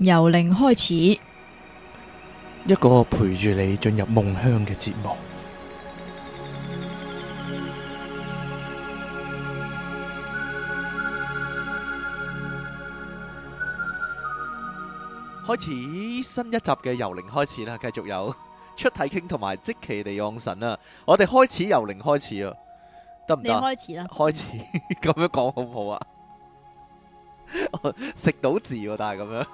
由零開始，一個陪住你進入夢鄉嘅節目，開始新一集嘅由零開始啦。繼續有出體傾同埋即其地養神啊！我哋開始由零開始啊，得唔得？你開始啦，開始咁樣講好唔好啊？食 到字，但係咁樣。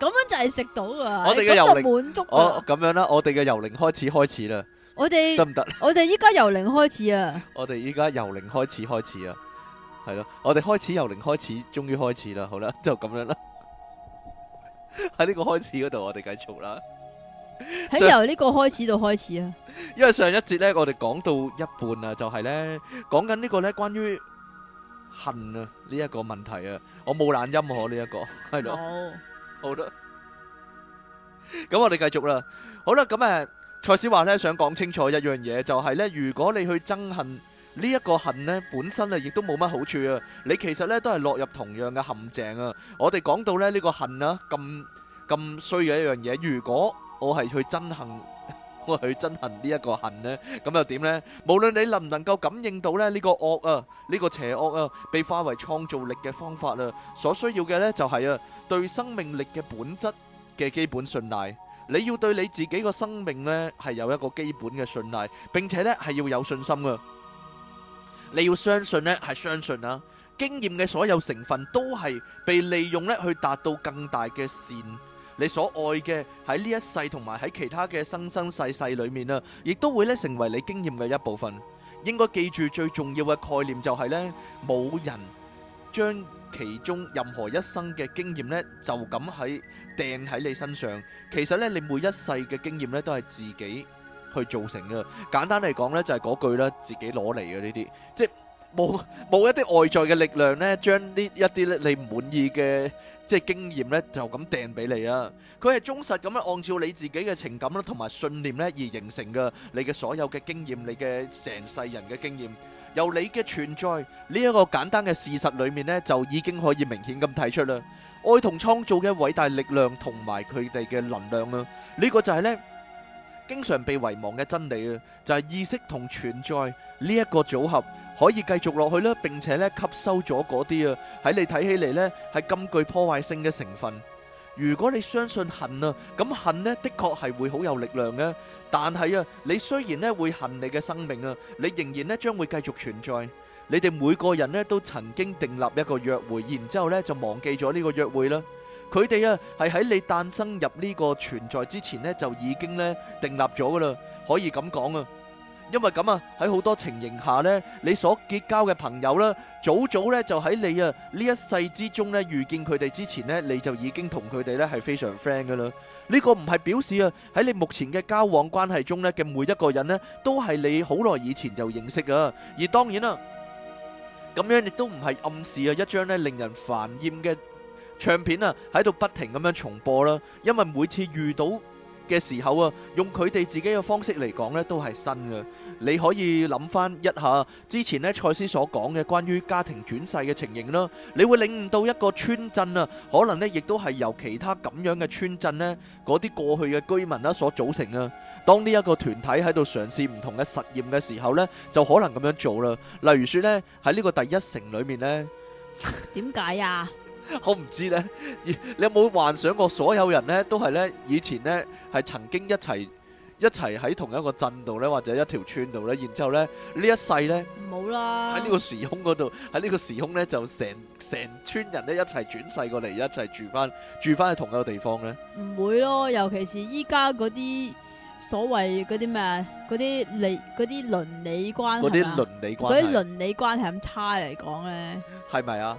咁樣就係食到啊，都係滿足。我咁樣啦，我哋嘅由零開始開始啦。我哋得唔得？我哋依家由零開始啊！我哋依家由零開始開始啊，係咯，我哋開始由零開始，終於開始啦，好啦，就咁樣啦。喺呢個開始嗰度，我哋繼續啦。喺由呢個開始度開始啊。因為上一節咧，我哋講到一半啊，就係咧講緊呢個咧關於恨啊呢一個問題啊，我冇懶音我呢一個係咯。好啦，咁我哋繼續啦。好啦，咁誒，賽斯話咧，想講清楚一樣嘢，就係咧，如果你去憎恨呢一個恨咧，本身啊亦都冇乜好處啊。你其實咧都係落入同樣嘅陷阱啊。我哋講到咧呢個恨啊，咁咁衰嘅一樣嘢。如果我係去憎恨。去憎恨呢一個恨咧，咁又點咧？無論你能唔能夠感應到咧，呢個惡啊，呢個邪惡啊，被化為創造力嘅方法啊，所需要嘅咧就係啊，對生命力嘅本質嘅基本信賴。你要對你自己個生命咧係有一個基本嘅信賴，並且咧係要有信心啊！你要相信咧係相信啊！經驗嘅所有成分都係被利用咧去達到更大嘅善。你所愛嘅喺呢一世同埋喺其他嘅生生世世裏面啦，亦都會咧成為你經驗嘅一部分。應該記住最重要嘅概念就係咧，冇人將其中任何一生嘅經驗咧就咁喺掟喺你身上。其實咧，你每一世嘅經驗咧都係自己去造成嘅。簡單嚟講咧，就係嗰句啦，自己攞嚟嘅呢啲，即係冇冇一啲外在嘅力量咧，將呢一啲咧你唔滿意嘅。即係經驗咧，就咁掟俾你啊！佢係忠實咁樣按照你自己嘅情感啦，同埋信念咧而形成嘅你嘅所有嘅經驗，你嘅成世人嘅經驗，由你嘅存在呢一個簡單嘅事實裏面咧，就已經可以明顯咁睇出啦。愛同創造嘅偉大力量同埋佢哋嘅能量啊！呢個就係咧經常被遺忘嘅真理啊！就係意識同存在呢一個組合。可以繼續落去咧，並且咧吸收咗嗰啲啊，喺你睇起嚟呢係咁具破壞性嘅成分。如果你相信恨啊，咁恨呢，的確係會好有力量嘅。但係啊，你雖然呢會恨你嘅生命啊，你仍然呢將會繼續存在。你哋每個人呢都曾經訂立一個約會，然之後呢就忘記咗呢個約會啦。佢哋啊係喺你誕生入呢個存在之前呢，就已經呢訂立咗噶啦，可以咁講啊。因為咁啊，喺好多情形下呢，你所結交嘅朋友啦，早早呢就喺你啊呢一世之中呢遇見佢哋之前呢，你就已經同佢哋呢係非常 friend 噶啦。呢個唔係表示啊，喺你目前嘅交往關係中呢嘅每一個人呢，都係你好耐以前就認識噶。而當然啦，咁樣亦都唔係暗示啊一張呢令人煩厭嘅唱片啊，喺度不停咁樣重播啦。因為每次遇到。嘅時候啊，用佢哋自己嘅方式嚟講咧，都係新嘅。你可以諗翻一下之前咧，賽斯所講嘅關於家庭轉世嘅情形啦，你會領悟到一個村鎮啊，可能咧亦都係由其他咁樣嘅村鎮咧，嗰啲過去嘅居民啦所組成啊。當呢一個團體喺度嘗試唔同嘅實驗嘅時候咧，就可能咁樣做啦。例如說咧，喺呢個第一城裏面咧，點解啊？我唔知咧，你有冇幻想過所有人咧都係咧以前咧係曾經一齊一齊喺同一個鎮度咧，或者一條村度咧，然之後咧呢一世咧，唔好啦，喺呢個時空嗰度，喺呢個時空咧就成成村人咧一齊轉世過嚟，一齊住翻住翻喺同一個地方咧，唔會咯，尤其是依家嗰啲所謂嗰啲咩啊嗰啲理嗰啲倫理關嗰啲倫理關嗰啲倫理關係咁差嚟講咧，係咪啊？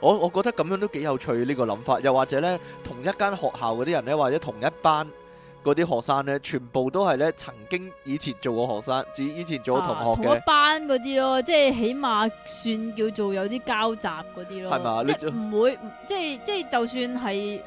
我我覺得咁樣都幾有趣呢個諗法，又或者呢同一間學校嗰啲人呢，或者同一班嗰啲學生呢，全部都係呢曾經以前做過學生，以前做過同學，啊、同一班嗰啲咯，即係起碼算叫做有啲交集嗰啲咯，係嘛吧？唔會，即係即係就算係。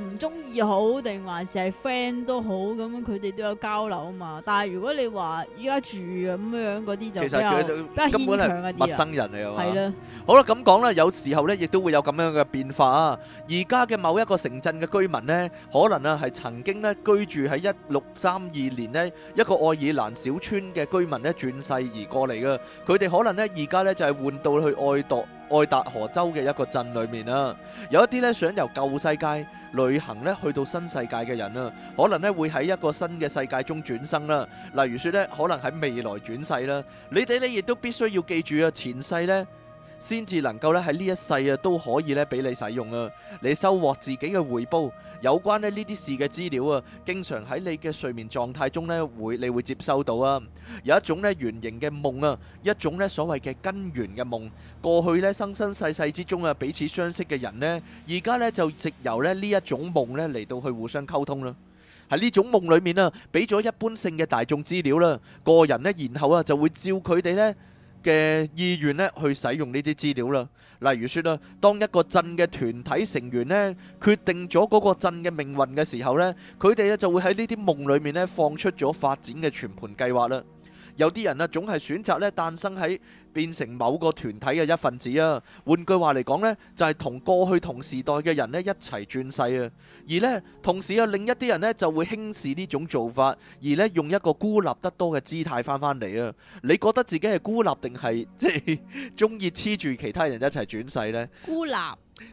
唔中意好定還是係 friend 都好，咁佢哋都有交流啊嘛。但係如果你話依家住咁樣嗰啲就其實根本係陌生人嚟係咯。好啦，咁講啦，有時候咧亦都會有咁樣嘅變化啊。而家嘅某一個城鎮嘅居民咧，可能啊係曾經咧居住喺一六三二年咧一個愛爾蘭小村嘅居民咧轉世而過嚟噶。佢哋可能咧而家咧就係換到去愛度。愛達荷州嘅一個鎮裏面啦，有一啲咧想由舊世界旅行咧去到新世界嘅人啦，可能咧會喺一個新嘅世界中轉生啦。例如說咧，可能喺未來轉世啦。你哋咧亦都必須要記住啊，前世咧。先至能夠咧喺呢一世啊都可以咧俾你使用啊，你收穫自己嘅回報。有關咧呢啲事嘅資料啊，經常喺你嘅睡眠狀態中咧會，你會接收到啊。有一種咧圓形嘅夢啊，一種咧所謂嘅根源嘅夢。過去咧生生世世之中啊彼此相識嘅人咧，而家咧就藉由咧呢一種夢咧嚟到去互相溝通啦。喺呢種夢裏面啊，俾咗一般性嘅大眾資料啦，個人咧然後啊就會照佢哋咧。嘅意願咧，去使用呢啲資料啦。例如說啦，當一個鎮嘅團體成員咧，決定咗嗰個鎮嘅命運嘅時候咧，佢哋咧就會喺呢啲夢裏面咧，放出咗發展嘅全盤計劃啦。有啲人咧、啊，總係選擇咧誕生喺變成某個團體嘅一份子啊。換句話嚟講呢就係、是、同過去同時代嘅人咧一齊轉世啊。而呢，同時又、啊、另一啲人呢就會輕視呢種做法，而呢用一個孤立得多嘅姿態翻返嚟啊。你覺得自己係孤立定係即係中意黐住其他人一齊轉世呢？孤立。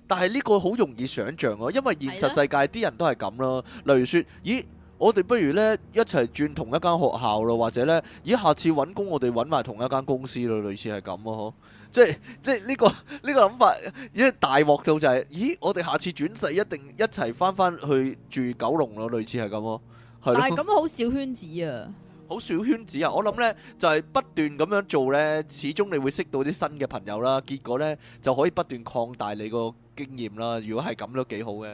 但係呢個好容易想像喎、啊，因為現實世界啲人都係咁咯。的例如說，咦？我哋不如咧一齊轉同一間學校咯，或者咧，咦，下次揾工我哋揾埋同一間公司咯，類似係咁咯，即係即係呢個呢、呢個諗法，因為大鑊到就係、是，咦，我哋下次轉世一定一齊翻翻去住九龍咯，類似係咁咯，係咯，但係咁好小圈子啊，好小圈子啊，我諗呢，就係、是、不斷咁樣做呢，始終你會識到啲新嘅朋友啦，結果呢，就可以不斷擴大你個經驗啦。如果係咁都幾好嘅。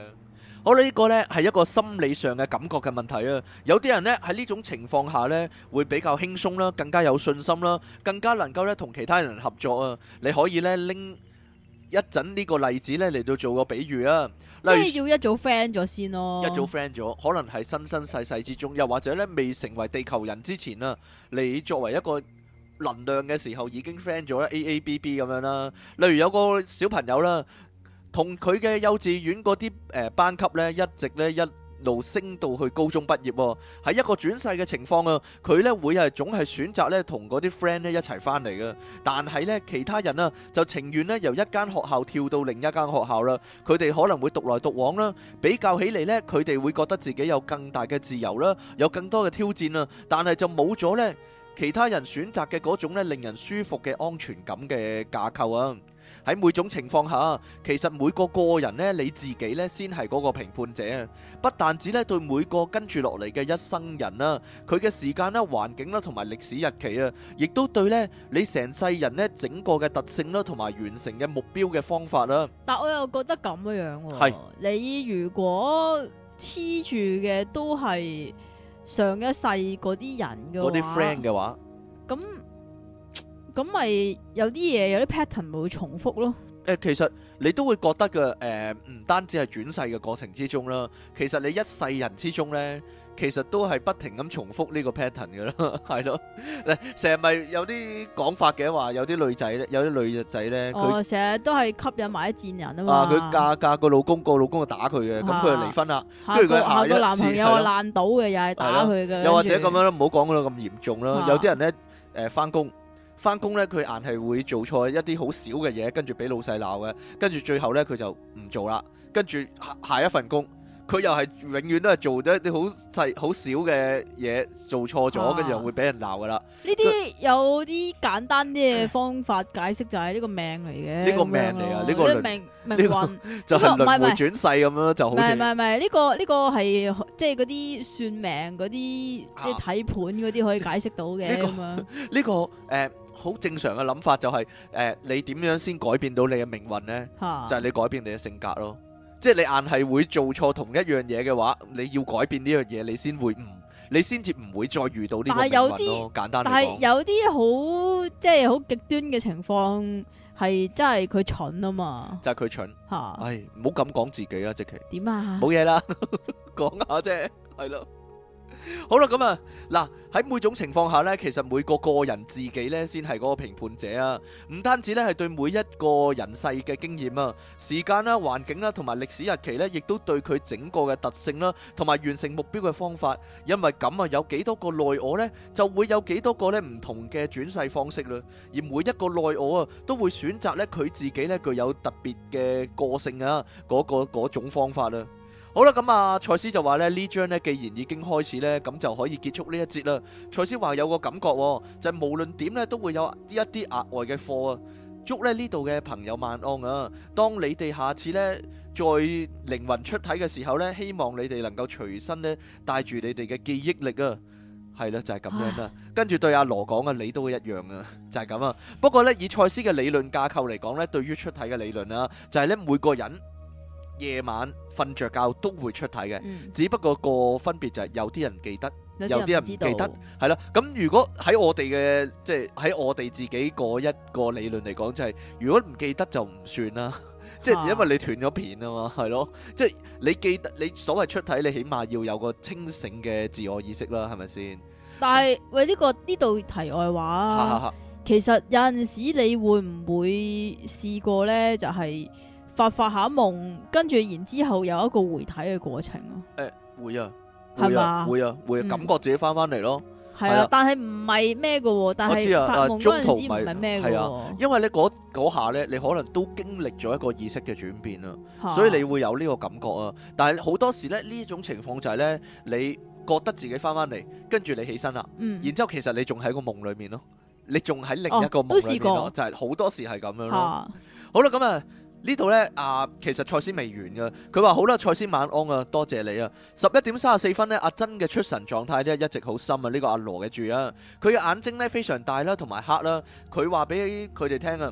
我呢個咧係一個心理上嘅感覺嘅問題啊！有啲人咧喺呢種情況下咧會比較輕鬆啦，更加有信心啦，更加能夠咧同其他人合作啊！你可以咧拎一陣呢個例子咧嚟,到做個比喻啊！例如，即係要一早 friend 咗先咯，一早 friend 咗，可能係生生世世之中，又或者咧未成為地球人之前啊，你作為一個能量嘅時候已經 friend 咗啦，A A B B 咁樣啦，例如有個小朋友啦。同佢嘅幼稚園嗰啲誒班級咧，一直咧一路升到去高中畢業喎，喺一個轉世嘅情況啊，佢咧會係總係選擇咧同嗰啲 friend 咧一齊翻嚟嘅，但係咧其他人啊就情願咧由一間學校跳到另一間學校啦，佢哋可能會獨來獨往啦，比較起嚟咧佢哋會覺得自己有更大嘅自由啦，有更多嘅挑戰啊，但係就冇咗咧其他人選擇嘅嗰種咧令人舒服嘅安全感嘅架構啊。喺每種情況下，其實每個個人咧，你自己咧，先係嗰個評判者啊！不但止咧對每個跟住落嚟嘅一生人啦，佢嘅時間啦、環境啦，同埋歷史日期啊，亦都對咧你成世人咧整個嘅特性啦，同埋完成嘅目標嘅方法啦。但我又覺得咁樣樣喎，你如果黐住嘅都係上一世嗰啲人嘅，嗰啲 friend 嘅話，咁。咁咪有啲嘢有啲 pattern 咪會重複咯？誒，其實你都會覺得嘅，誒，唔單止係轉世嘅過程之中啦，其實你一世人之中咧，其實都係不停咁重複呢個 pattern 嘅啦，係咯，成日咪有啲講法嘅話，有啲女仔咧，有啲女仔咧，佢成日都係吸引埋一賤人啊嘛，啊，佢嫁嫁個老公個老公就打佢嘅，咁佢就離婚啦，跟住個下個男朋友又爛到嘅，又係打佢嘅，又或者咁樣，唔好講到咁嚴重啦，有啲人咧，誒，返工。翻工咧，佢硬係會做錯一啲好少嘅嘢，跟住俾老細鬧嘅，跟住最後咧佢就唔做啦。跟住下一份工，佢又係永遠都係做啲啲好細、好少嘅嘢，做錯咗，跟住又會俾人鬧噶啦。呢啲、啊、有啲簡單啲嘅方法解釋就係呢個命嚟嘅，呢樣、這個命嚟啊，呢個命命運就係輪回轉世咁樣，就好唔係唔係呢個呢個係即係嗰啲算命嗰啲，即係睇盤嗰啲可以解釋到嘅咁啊。呢樣、 這個誒。這個嗯好正常嘅諗法就係，誒，你點樣先改變到你嘅命運呢？就係你改變你嘅性格咯。即係你硬係會做錯同一樣嘢嘅話，你要改變呢樣嘢，你先會唔，你先至唔會再遇到呢啲命運咯。簡單嚟講，但係有啲好，即係好極端嘅情況，係真係佢蠢啊嘛。就係佢蠢。吓，唉，唔好咁講自己啦，即琪。點啊？冇嘢啦，講下啫，係咯。好啦，咁啊，嗱喺每種情況下咧，其實每個個人自己咧先係嗰個評判者啊，唔單止咧係對每一個人世嘅經驗啊、時間啦、環境啦，同埋歷史日期咧，亦都對佢整個嘅特性啦，同埋完成目標嘅方法，因為咁啊有幾多個內我咧，就會有幾多個咧唔同嘅轉世方式啦，而每一個內我啊都會選擇咧佢自己咧具有特別嘅個性啊嗰個嗰種方法啦。好啦，咁啊，賽斯就話咧呢章咧既然已經開始咧，咁就可以結束呢一節啦。賽斯話有個感覺，就係、是、無論點咧都會有一啲額外嘅課啊。祝咧呢度嘅朋友萬安啊！當你哋下次咧再靈魂出體嘅時候咧，希望你哋能夠隨身咧帶住你哋嘅記憶力啊。係啦，就係、是、咁樣啦、啊。哎、呀跟住對阿羅講啊，你都一樣啊，就係、是、咁啊。不過咧以賽斯嘅理論架構嚟講咧，對於出體嘅理論啊，就係、是、咧每個人。夜晚瞓着覺都會出體嘅，嗯、只不過個分別就係有啲人記得，有啲些人唔記得，係咯。咁如果喺我哋嘅即係喺我哋自己嗰一個理論嚟講、就係，就係如果唔記得就唔算啦，即 係因為你斷咗片啊嘛，係咯，即係、啊、你記得你所謂出體，你起碼要有個清醒嘅自我意識啦，係咪先？但係喂，呢、呢個呢度題外話、啊啊啊、其實有陣時你會唔會試過呢？就係、係。發發下夢，跟住然之後有一個回體嘅過程咯。誒，會啊，係啊，會啊，會感覺自己翻翻嚟咯。係啊，但係唔係咩嘅喎？但係發夢嗰陣唔係咩嘅喎？因為咧嗰下咧，你可能都經歷咗一個意識嘅轉變啊，所以你會有呢個感覺啊。但係好多時咧，呢一種情況就係咧，你覺得自己翻翻嚟，跟住你起身啦，然之後其實你仲喺個夢裏面咯，你仲喺另一個夢裏面咯，就係好多時係咁樣咯。好啦，咁啊。呢度呢，啊，其實賽斯未完㗎。佢話好啦，賽斯晚安啊，多謝你啊。十一點三十四分呢，阿珍嘅出神狀態呢，一直好深啊。呢個阿羅嘅住啊，佢嘅眼睛呢，非常大啦，同埋黑啦。佢話俾佢哋聽啊。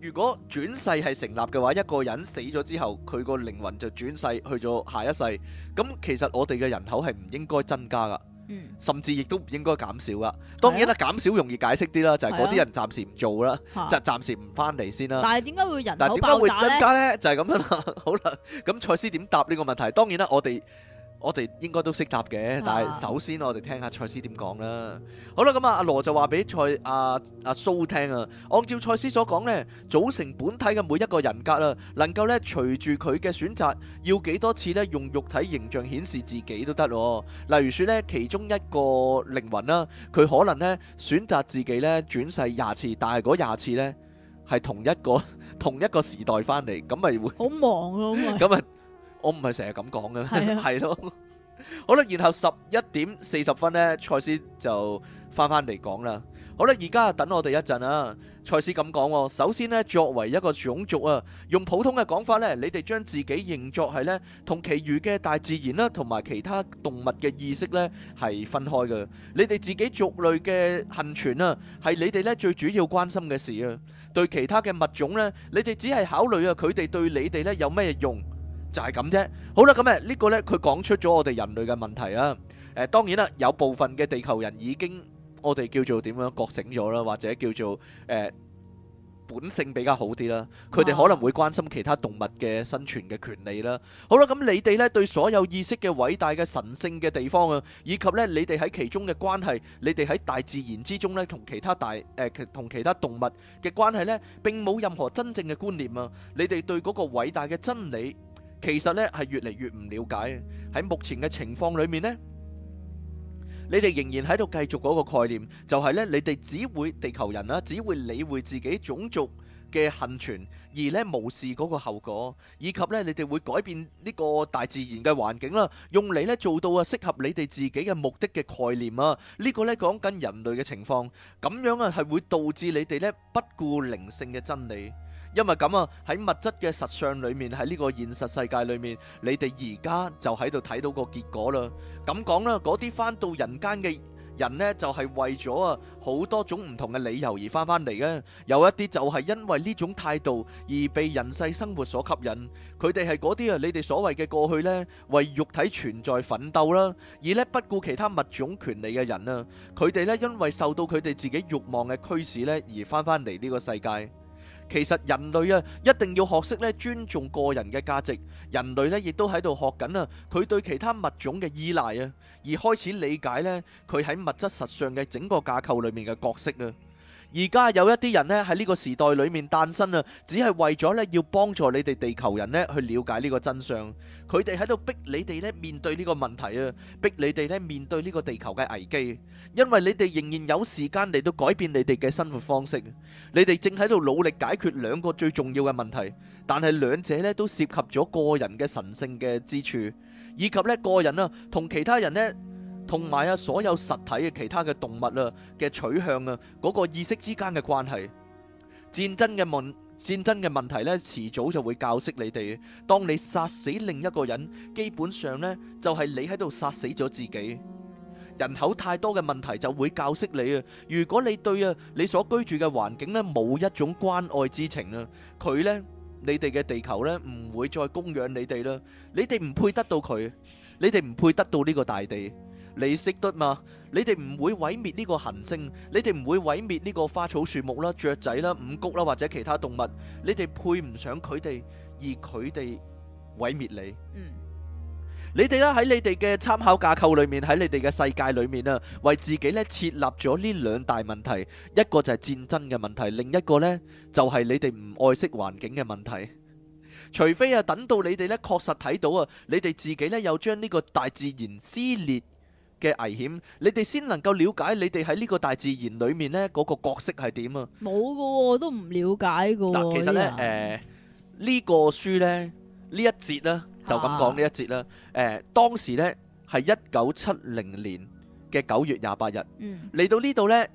如果轉世係成立嘅話，一個人死咗之後，佢個靈魂就轉世去咗下一世。咁其實我哋嘅人口係唔應該增加㗎，嗯、甚至亦都唔應該減少㗎。當然啦，啊、減少容易解釋啲啦，就係嗰啲人暫時唔做啦，啊、就暫時唔返嚟先啦。但係點解會人口爆炸呢？但係點解會增加呢？就係咁樣啦。 好啦，咁蔡司點答呢個問題？當然啦，我哋。我哋應該都識答嘅，但係首先我哋聽下蔡司點講啦。好啦，咁啊，啊，阿羅就話俾蔡阿阿蘇聽啊。按照蔡司所講呢，組成本體嘅每一個人格啦，能夠呢隨住佢嘅選擇，要幾多次呢，用肉體形象顯示自己都得。例如說呢，其中一個靈魂啦，佢可能呢選擇自己呢轉世廿次，但係嗰廿次呢，係同一個同一個時代翻嚟，咁咪會好忙咯。咁啊。 我唔係成日咁講嘅，係咯。好啦，然後十一點四十分呢，賽斯就返返嚟講啦。好啦，而家等我哋一陣啊。賽斯咁講，首先呢，作為一個種族啊，用普通嘅講法呢，你哋將自己認作係呢，同其餘嘅大自然啦，同埋其他動物嘅意識呢係分開嘅。你哋自己族類嘅幸存啊，係你哋呢最主要關心嘅事啊。對其他嘅物種呢，你哋只係考慮啊，佢哋對你哋呢有咩用。就係咁啫。好啦，咁誒，呢個咧，佢講出咗我哋人類嘅問題啊。誒，當然啦，有部分嘅地球人已經我哋叫做點樣覺醒咗啦，或者叫做誒本性比較好啲啦。佢哋可能會關心其他動物嘅生存嘅權利啦。好啦，咁你哋咧對所有意識嘅偉大嘅神聖嘅地方啊，以及咧你哋喺其中嘅關係，你哋喺大自然之中咧同其他大誒同其他動物嘅關係咧，並冇任何真正嘅觀念啊。你哋對嗰個偉大嘅真理，其實咧係越嚟越唔了解，喺目前嘅情況裏面，呢你哋仍然喺度繼續嗰個概念，就係咧你哋只會地球人啦，只會理會自己種族嘅幸存，而咧無視嗰個後果，以及咧你哋會改變呢個大自然嘅環境啦，用嚟咧做到啊適合你哋自己嘅目的嘅概念啊，呢個咧講緊人類嘅情況，咁樣啊係會導致你哋呢不顧靈性嘅真理。因為咁啊，喺物質嘅實相裏面，喺呢個現實世界裏面，你哋而家就喺度睇到個結果啦。咁講啦，嗰啲翻到人間嘅人呢，就係為咗啊，好多種唔同嘅理由而翻翻嚟嘅。有一啲就係因為呢種態度而被人世生活所吸引，佢哋係嗰啲啊，你哋所謂嘅過去呢，為肉體存在奮鬥啦，而呢不顧其他物種權利嘅人啊，佢哋呢因為受到佢哋自己慾望嘅驅使呢，而翻翻嚟呢個世界。其實人類啊，一定要學識咧尊重個人嘅價值。人類咧亦都喺度學緊啊，佢對其他物種嘅依賴啊，而開始理解咧佢喺物質實相嘅整個架構裏面嘅角色啊。而家有一啲人呢喺呢個時代裏面誕生啊，只係為咗呢要幫助你哋地球人呢去了解呢個真相。佢哋喺度逼你哋呢面對呢個問題啊，逼你哋呢面對呢個地球嘅危機。因為你哋仍然有時間嚟到改變你哋嘅生活方式，你哋正喺度努力解決兩個最重要嘅問題，但係兩者呢都涉及咗個人嘅神聖嘅支柱，以及呢個人啊同其他人呢。同埋啊，所有實體嘅其他嘅動物啊嘅取向啊，嗰個意識之間嘅關係，戰爭嘅問戰爭嘅問題呢，遲早就會教識你哋。當你殺死另一個人，基本上呢就係你喺度殺死咗自己。人口太多嘅問題就會教識你啊。如果你對啊你所居住嘅環境呢冇一種關愛之情啊，佢呢你哋嘅地球呢唔會再供養你哋啦。你哋唔配得到佢，你哋唔配得到呢個大地。你識得嘛？你哋唔會毀滅呢個行星，你哋唔會毀滅呢個花草樹木啦、雀仔啦、五穀啦，或者其他動物。你哋配唔上佢哋，而佢哋毀滅你。嗯，你哋啦喺你哋嘅參考架構裏面，喺你哋嘅世界裏面啊，為自己咧設立咗呢兩大問題，一個就係戰爭嘅問題，另一個呢就係你哋唔愛惜環境嘅問題。除非啊，等到你哋咧確實睇到啊，你哋自己咧又將呢個大自然撕裂嘅危險，你哋先能夠了解你哋喺呢個大自然裏面呢，嗰、嗰個角色係點啊？冇嘅喎，我都唔了解嘅喎、啊。其實咧，誒呢、呃呢個書呢，呢一節呢，就咁講呢一節啦。誒、啊呃、當時咧係一九七零年嘅九月廿八日嚟、嗯、到呢度呢，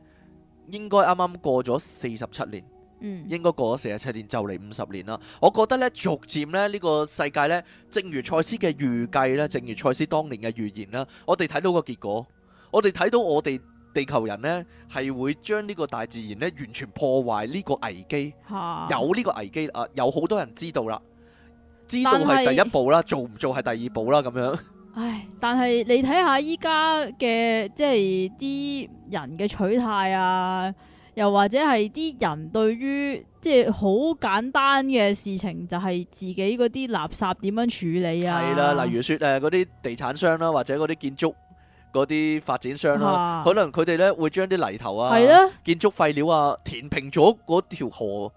應該啱啱過咗四十七年。嗯，應該過咗四十七年就嚟五十年啦。我覺得咧，逐漸咧呢、呢個世界咧，正如賽斯嘅預計咧，正如賽斯當年嘅預言啦。我哋睇到個結果，我哋睇到我哋地球人咧係會將呢個大自然咧完全破壞呢個危機。嚇！啊、有呢個危機啊，有好多人知道啦，知道係第一步啦，是做唔做係第二步啦，咁樣。唉，但係你睇下依家嘅即係啲人嘅取態啊。又或者係啲人對於即係好簡單嘅事情，就係、係、自己嗰啲垃圾點樣處理啊？係啦、啊，例如說誒嗰啲地產商啦，或者嗰啲建築嗰啲發展商啦，啊、可能佢哋咧會將啲泥頭啊、啊建築廢料啊填平咗嗰條河，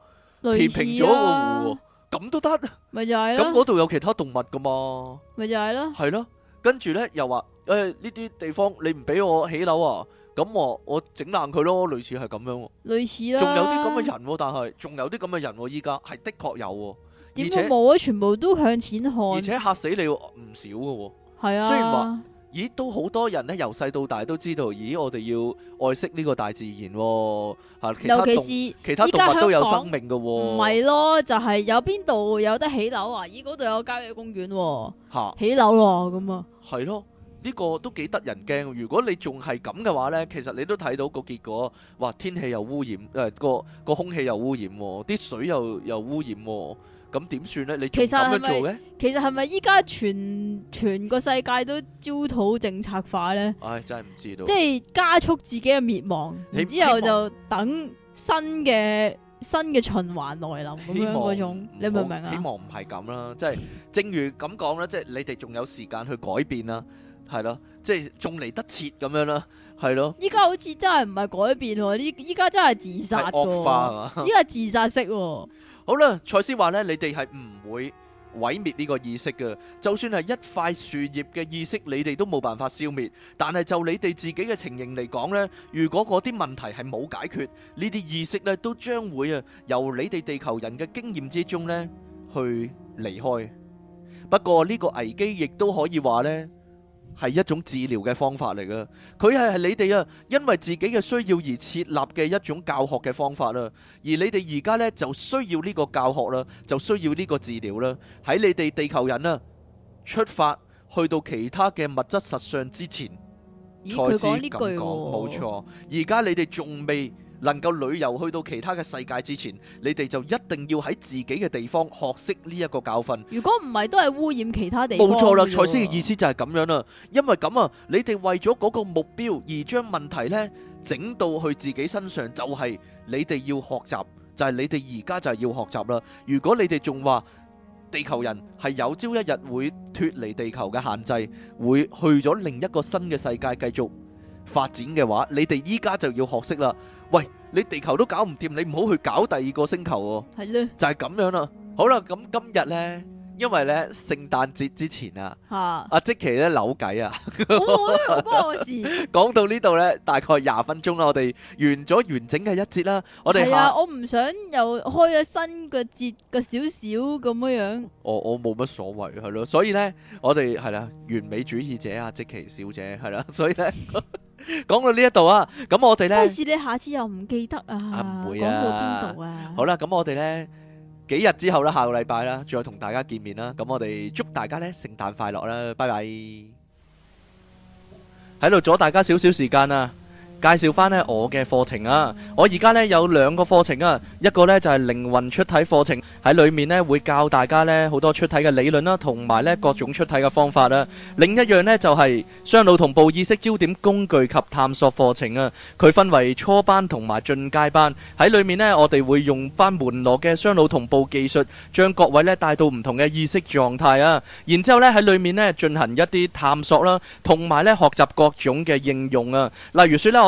啊、填平咗個湖，咁都得？咪就係咯、啊。咁嗰度有其他動物噶嘛？咪就係咯、啊。係咯、啊，跟住咧又話誒呢啲地方你唔俾我起樓啊？咁我我整爛佢咯，類似係咁樣咯。類似啦。仲有啲咁嘅人，但係仲有啲咁嘅人，依家係的確有。點解冇啊？全部都向錢看。而且吓死你唔少嘅。係啊。雖然話，咦，都好多人咧，由細到大都知道，咦，我哋要愛惜呢個大自然。吓，尤其是其他動物都有生命嘅。唔係咯，就係有邊度有得起樓啊？咦，嗰度有郊野公園。吓。起樓啊！咁啊。係咯。呢個都幾得人驚，如果你仲係咁嘅話呢，其實你都睇到個結果，話天氣又污染，誒、呃、個個空氣又污染，啲水又又污染，咁點算呢？你咁樣做呢？其實係咪依家全全個世界都焦土政策化呢？唉、哎，真係唔知道，即係加速自己嘅滅亡，之後就等新嘅新嘅循環來臨咁樣嗰種，你明唔明啊？希望唔係咁啦，即係正如咁講啦，即係 你哋仲有時間去改變啦、啊。係咯，即係仲嚟得切咁樣啦。係咯，依家好似真係唔係改變，依依家真係自殺惡化，依家係自殺式。好啦，賽斯話咧，你哋係唔會毀滅呢個意識嘅，就算係一塊樹葉嘅意識，你哋都冇辦法消滅。但係就你哋自己嘅情形嚟講咧，如果嗰啲問題係冇解決，呢啲意識咧都將會啊由你哋地球人嘅經驗之中咧去離開。不過呢個危機亦都可以話咧。係一種治療嘅方法嚟噶，佢係係你哋啊，因為自己嘅需要而設立嘅一種教學嘅方法啦、啊。而你哋而家呢，就需要呢個教學啦、啊，就需要呢個治療啦、啊。喺你哋地球人啊，出發去到其他嘅物質實相之前，才講呢咦句話。冇錯，而家你哋仲未。能夠旅遊去到其他嘅世界之前，你哋就一定要喺自己嘅地方學識呢一個教訓。如果唔係，都係污染其他地方。冇錯啦，賽斯嘅意思就係咁樣啦。因為咁啊，你哋為咗嗰個目標而將問題呢整到去自己身上，就係你哋要學習，就係你哋而家就係要學習啦。如果你哋仲話地球人係有朝一日會脫離地球嘅限制，會去咗另一個新嘅世界繼續發展嘅話，你哋依家就要學識啦。喂，你地球都搞唔掂，你唔好去搞第二個星球喎。係咧，就係咁樣啦。好啦，咁今日咧，因為咧聖誕節之前啊，阿即奇咧扭計啊，唔好關我事。講到呢度咧，大概廿分鐘啦，我哋完咗完整嘅一節啦。我哋係啊，我唔想又開咗新嘅節嘅少少咁樣。我我冇乜所謂係咯，所以咧，我哋係啦，完美主義者阿即奇小姐係啦，所以咧。講到呢一度啊，咁我哋咧，還是你下次又唔記得啊？講到邊度啊？好啦，咁我哋咧，幾日之後啦，下個禮拜啦，再同大家見面啦。咁我哋祝大家咧聖誕快樂啦，拜拜。喺度阻大家少少時間啊。介紹翻咧我嘅課程啊！我而家咧有兩個課程啊，一個咧就係靈魂出體課程，喺裏面咧會教大家咧好多出體嘅理論啦，同埋咧各種出體嘅方法啦。另一樣咧就係雙腦同步意識焦點工具及探索課程啊。佢分為初班同埋進階班，喺裏面咧我哋會用翻門羅嘅雙腦同步技術，將各位咧帶到唔同嘅意識狀態啊。然之後咧喺裏面咧進行一啲探索啦，同埋咧學習各種嘅應用啊。例如説咧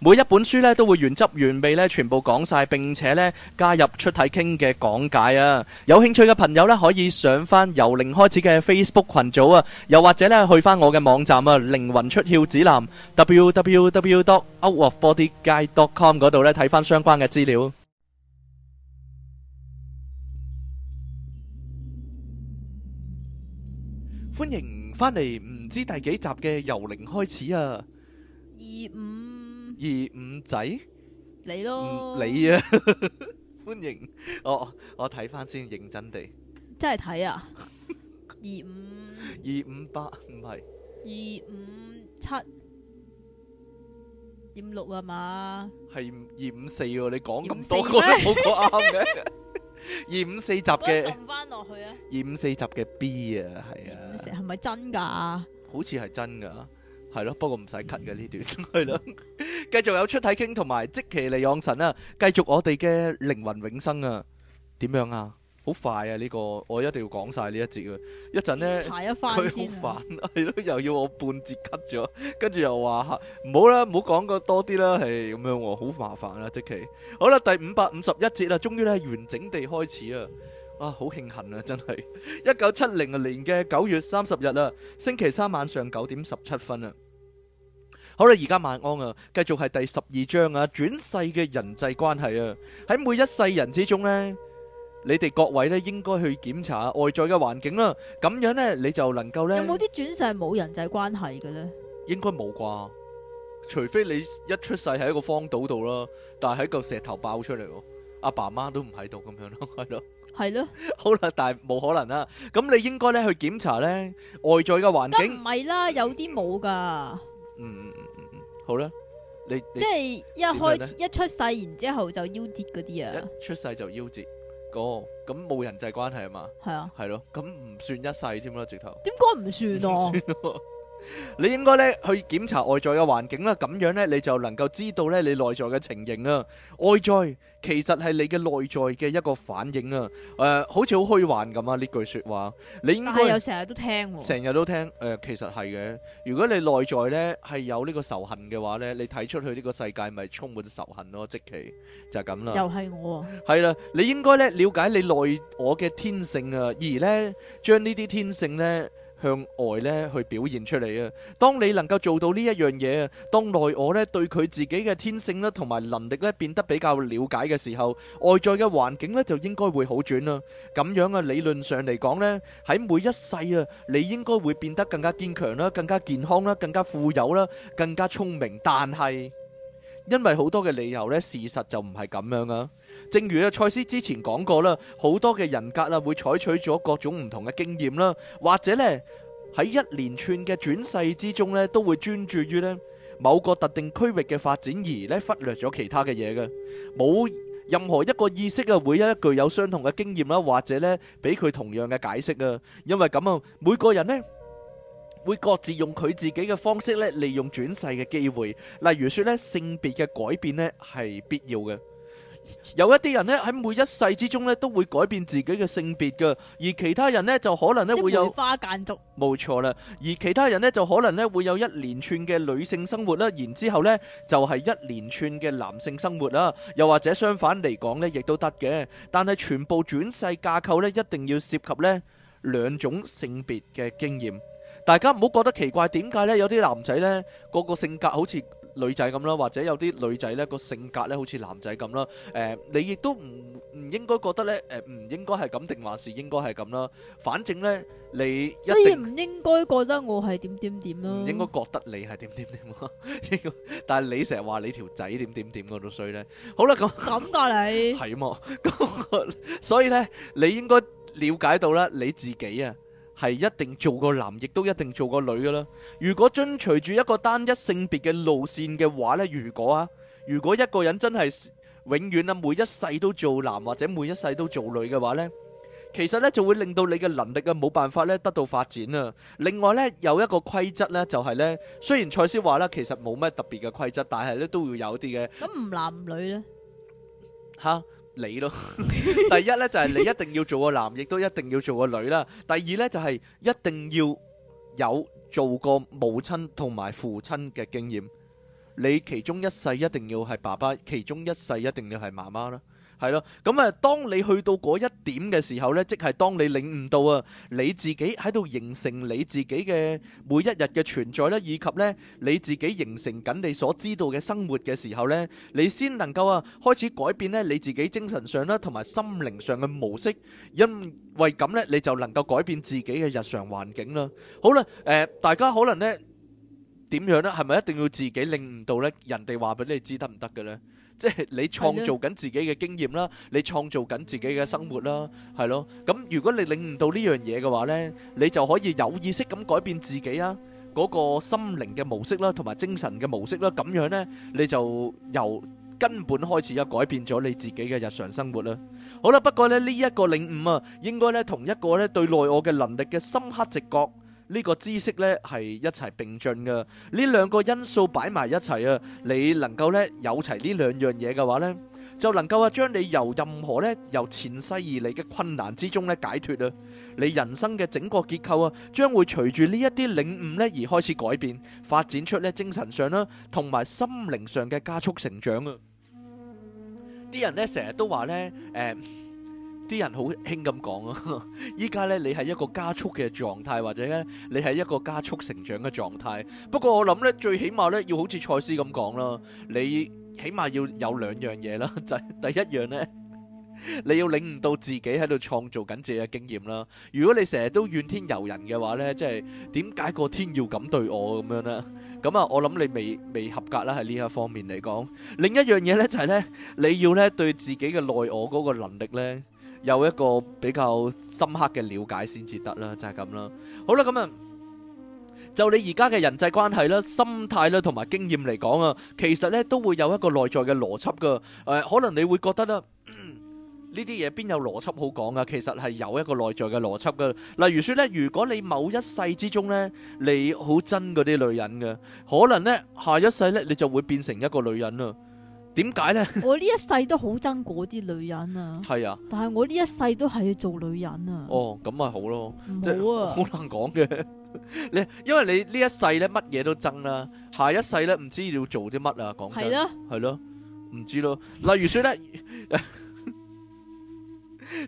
每一本書咧都會原汁原味咧全部講晒，並且咧加入出體傾嘅講解啊！有興趣嘅朋友咧可以上翻由零開始嘅 Facebook 群組啊，又或者咧去翻我嘅網站啊，靈魂出竅指南 www.outofbodyguide.com 嗰度，咧睇翻相關嘅資料。歡迎翻嚟唔知第幾集嘅由零開始啊！二五。二五仔，你咯，你啊 歡迎，我我睇翻先，認真地，真係睇啊，二五 25,，二五八唔係，二五七二五六啊嘛，係二五四喎，你講咁多個個， 我都冇個啱嘅，二五四集嘅，翻落去啊，二五四集嘅 B 啊，係啊，係咪真噶、啊？好似係真噶。係咯，不過唔使 cut 嘅呢段，係咯、嗯，繼 續有出體傾同埋即其利昂神啦、啊，繼續我哋嘅靈魂永生啊，點樣啊？好快啊呢、這個，我一定要講晒呢一節啊！一陣咧，佢好煩，係咯了， 又要我半節 cut 咗，跟住又話吓，唔好啦，唔好講過多啲啦，係咁樣、啊，好麻煩啊！即其，好啦，第五百五十一節啦，終於咧完整地開始啊！啊，好慶幸啊，真係一九七零年嘅九月三十日啦、啊，星期三晚上九點十七分啊！好啦，而家晚安啊！繼續係第十二章啊，轉世嘅人際關係啊，喺每一世人之中咧，你哋各位咧應該去檢查外在嘅環境啦，咁樣咧你就能夠咧有冇啲轉世冇人際關係嘅咧？應該冇啩，除非你一出世喺一個荒島度啦，但係喺個石頭爆出嚟，阿爸媽都唔喺度咁樣咯，係咯，係咯，好啦，但係冇可能啦，咁你應該咧去檢查咧外在嘅環境，唔係啦，有啲冇噶。嗯嗯嗯嗯嗯，好啦，你，你即係一開始一出世，然之後就夭折嗰啲啊？出世就夭折，個咁冇人際關係啊嘛？係啊，係咯，咁唔算一世添咯，直頭。點解唔算啊？不算啊 你應該咧去檢查外在嘅環境啦，咁樣咧你就能夠知道咧你內在嘅情形啊。外在其實係你嘅內在嘅一個反應啊。誒，好似好虛幻咁啊呢句說話。你應該有成日都聽，成日都聽。誒，其實係嘅。如果你內在咧係有呢個仇恨嘅話咧，你睇出去呢個世界咪充滿仇恨咯，即係就係咁啦。又係我啊。係啦，你應該咧了解你內我嘅天性啊，而咧將呢啲天性咧。向外呢去表現出嚟啊。當你能夠做到呢一樣嘢啊，當內我呢對佢自己嘅天性啦同埋能力呢變得比較了解嘅時候，外在嘅環境呢就應該會好轉啦。咁樣啊，理論上嚟講呢，喺每一世啊，你應該會變得更加堅強啦，更加健康啦，更加富有啦，更加聰明。但係因為好多嘅理由呢，事實就唔係咁樣啊。正如啊賽斯之前講過啦，好多嘅人格啊會採取咗各種唔同嘅經驗啦，或者呢喺一連串嘅轉世之中呢都會專注於呢某個特定區域嘅發展而呢忽略咗其他嘅嘢嘅，冇任何一個意識啊會一具有相同嘅經驗啦，或者呢俾佢同樣嘅解釋啊，因為咁啊，每個人呢會各自用佢自己嘅方式呢利用轉世嘅機會，例如說呢性別嘅改變呢係必要嘅。有一啲人呢喺每一世之中呢都會改變自己嘅性別噶，而其他人呢就可能呢會有梅花間竹，冇錯啦。而其他人呢就可能呢會有一連串嘅女性生活啦，然之後呢就係一連串嘅男性生活啦，又或者相反嚟講呢，亦都得嘅。但係全部轉世架構呢，一定要涉及呢兩種性別嘅經驗。大家唔好覺得奇怪，點解呢有啲男仔呢個個性格好似女仔咁啦，或者有啲女仔呢個性格呢，好似男仔咁啦。誒，你亦都唔唔應該覺得呢，誒唔應該係咁定還是應該係咁啦。反正呢，你所以唔應該覺得我係點點點咯。唔應該覺得你係點點點咯。應該，但係你成日話你條仔點點點都衰呢，好啦，咁咁噶你係啊、 那個、所以呢，你應該了解到咧你自己啊。係一定做個男，亦都一定做個女噶啦。如果遵循住一個單一性別嘅路線嘅話呢，如果啊，如果一個人真係永遠啊，每一世都做男或者每一世都做女嘅話呢，其實呢就會令到你嘅能力啊冇辦法咧得到發展啊。另外呢，有一個規則呢，就係、是、呢，雖然塞斯話呢其實冇咩特別嘅規則，但係呢都要有啲嘅。咁唔男唔女呢？吓。你咯， 第一呢就係你一定要做個男，亦都一定要做個女啦。第二呢就係一定要有做過母親同埋父親嘅經驗。你其中一世一定要係爸爸，其中一世一定要係媽媽啦。係咯，咁啊，當你去到嗰一點嘅時候呢，即係當你領悟到啊，你自己喺度形成你自己嘅每一日嘅存在啦，以及呢你自己形成緊你所知道嘅生活嘅時候呢，你先能夠啊開始改變呢你自己精神上啦，同埋心靈上嘅模式，因為咁呢，你就能夠改變自己嘅日常環境啦。好啦，誒，大家可能呢點樣呢？係咪一定要自己領悟到呢？人哋話俾你知得唔得嘅呢？即係你創造緊自己嘅經驗啦，的你創造緊自己嘅生活啦，係咯。咁如果你領悟到呢樣嘢嘅話呢，你就可以有意識咁改變自己啊，嗰個心靈嘅模式啦，同埋精神嘅模式啦，咁樣呢，你就由根本開始啊，改變咗你自己嘅日常生活啦。好啦，不過呢呢一個領悟啊，應該呢同一個呢對內我嘅能力嘅深刻直覺。呢個知識呢係一齊並進嘅，呢兩個因素擺埋一齊啊！你能夠呢有齊呢兩樣嘢嘅話呢，就能夠啊將你由任何呢由前世而嚟嘅困難之中呢解脫啊！你人生嘅整個結構啊，將會隨住呢一啲領悟呢而開始改變，發展出呢精神上啦同埋心靈上嘅加速成長啊！啲人呢成日都話呢，誒。啲人好興咁講啊。依家呢，你係一個加速嘅狀態，或者呢，你係一個加速成長嘅狀態。不過我諗呢，最起碼呢，要好似賽斯咁講啦，你起碼要有兩樣嘢啦，就係第一樣呢，你要領悟到自己喺度創造緊自己嘅經驗啦。如果你成日都怨天尤人嘅話呢，即係點解個天要咁對我咁樣呢？咁啊，我諗你未未合格啦，喺呢一方面嚟講。另一樣嘢呢，就係呢，你要呢，對自己嘅內我嗰個能力呢。有一個比較深刻嘅了解先至得啦，就係咁啦。好啦，咁啊，就你而家嘅人際關係啦、心態啦同埋經驗嚟講啊，其實呢都會有一個內在嘅邏輯噶。誒、呃，可能你會覺得啦，呢啲嘢邊有邏輯好講啊？其實係有一個內在嘅邏輯噶。例如說呢，如果你某一世之中呢，你好憎嗰啲女人嘅，可能呢下一世呢，你就會變成一個女人啦。點解咧？我呢一世都好憎嗰啲女人啊！係啊！但係我呢一世都係要做女人啊！哦，咁咪好咯，唔好啊，好難講嘅。你因為你呢一世咧，乜嘢都爭啦，下一世咧，唔知要做啲乜啊！講真係咯，係咯，唔知咯。例如說咧，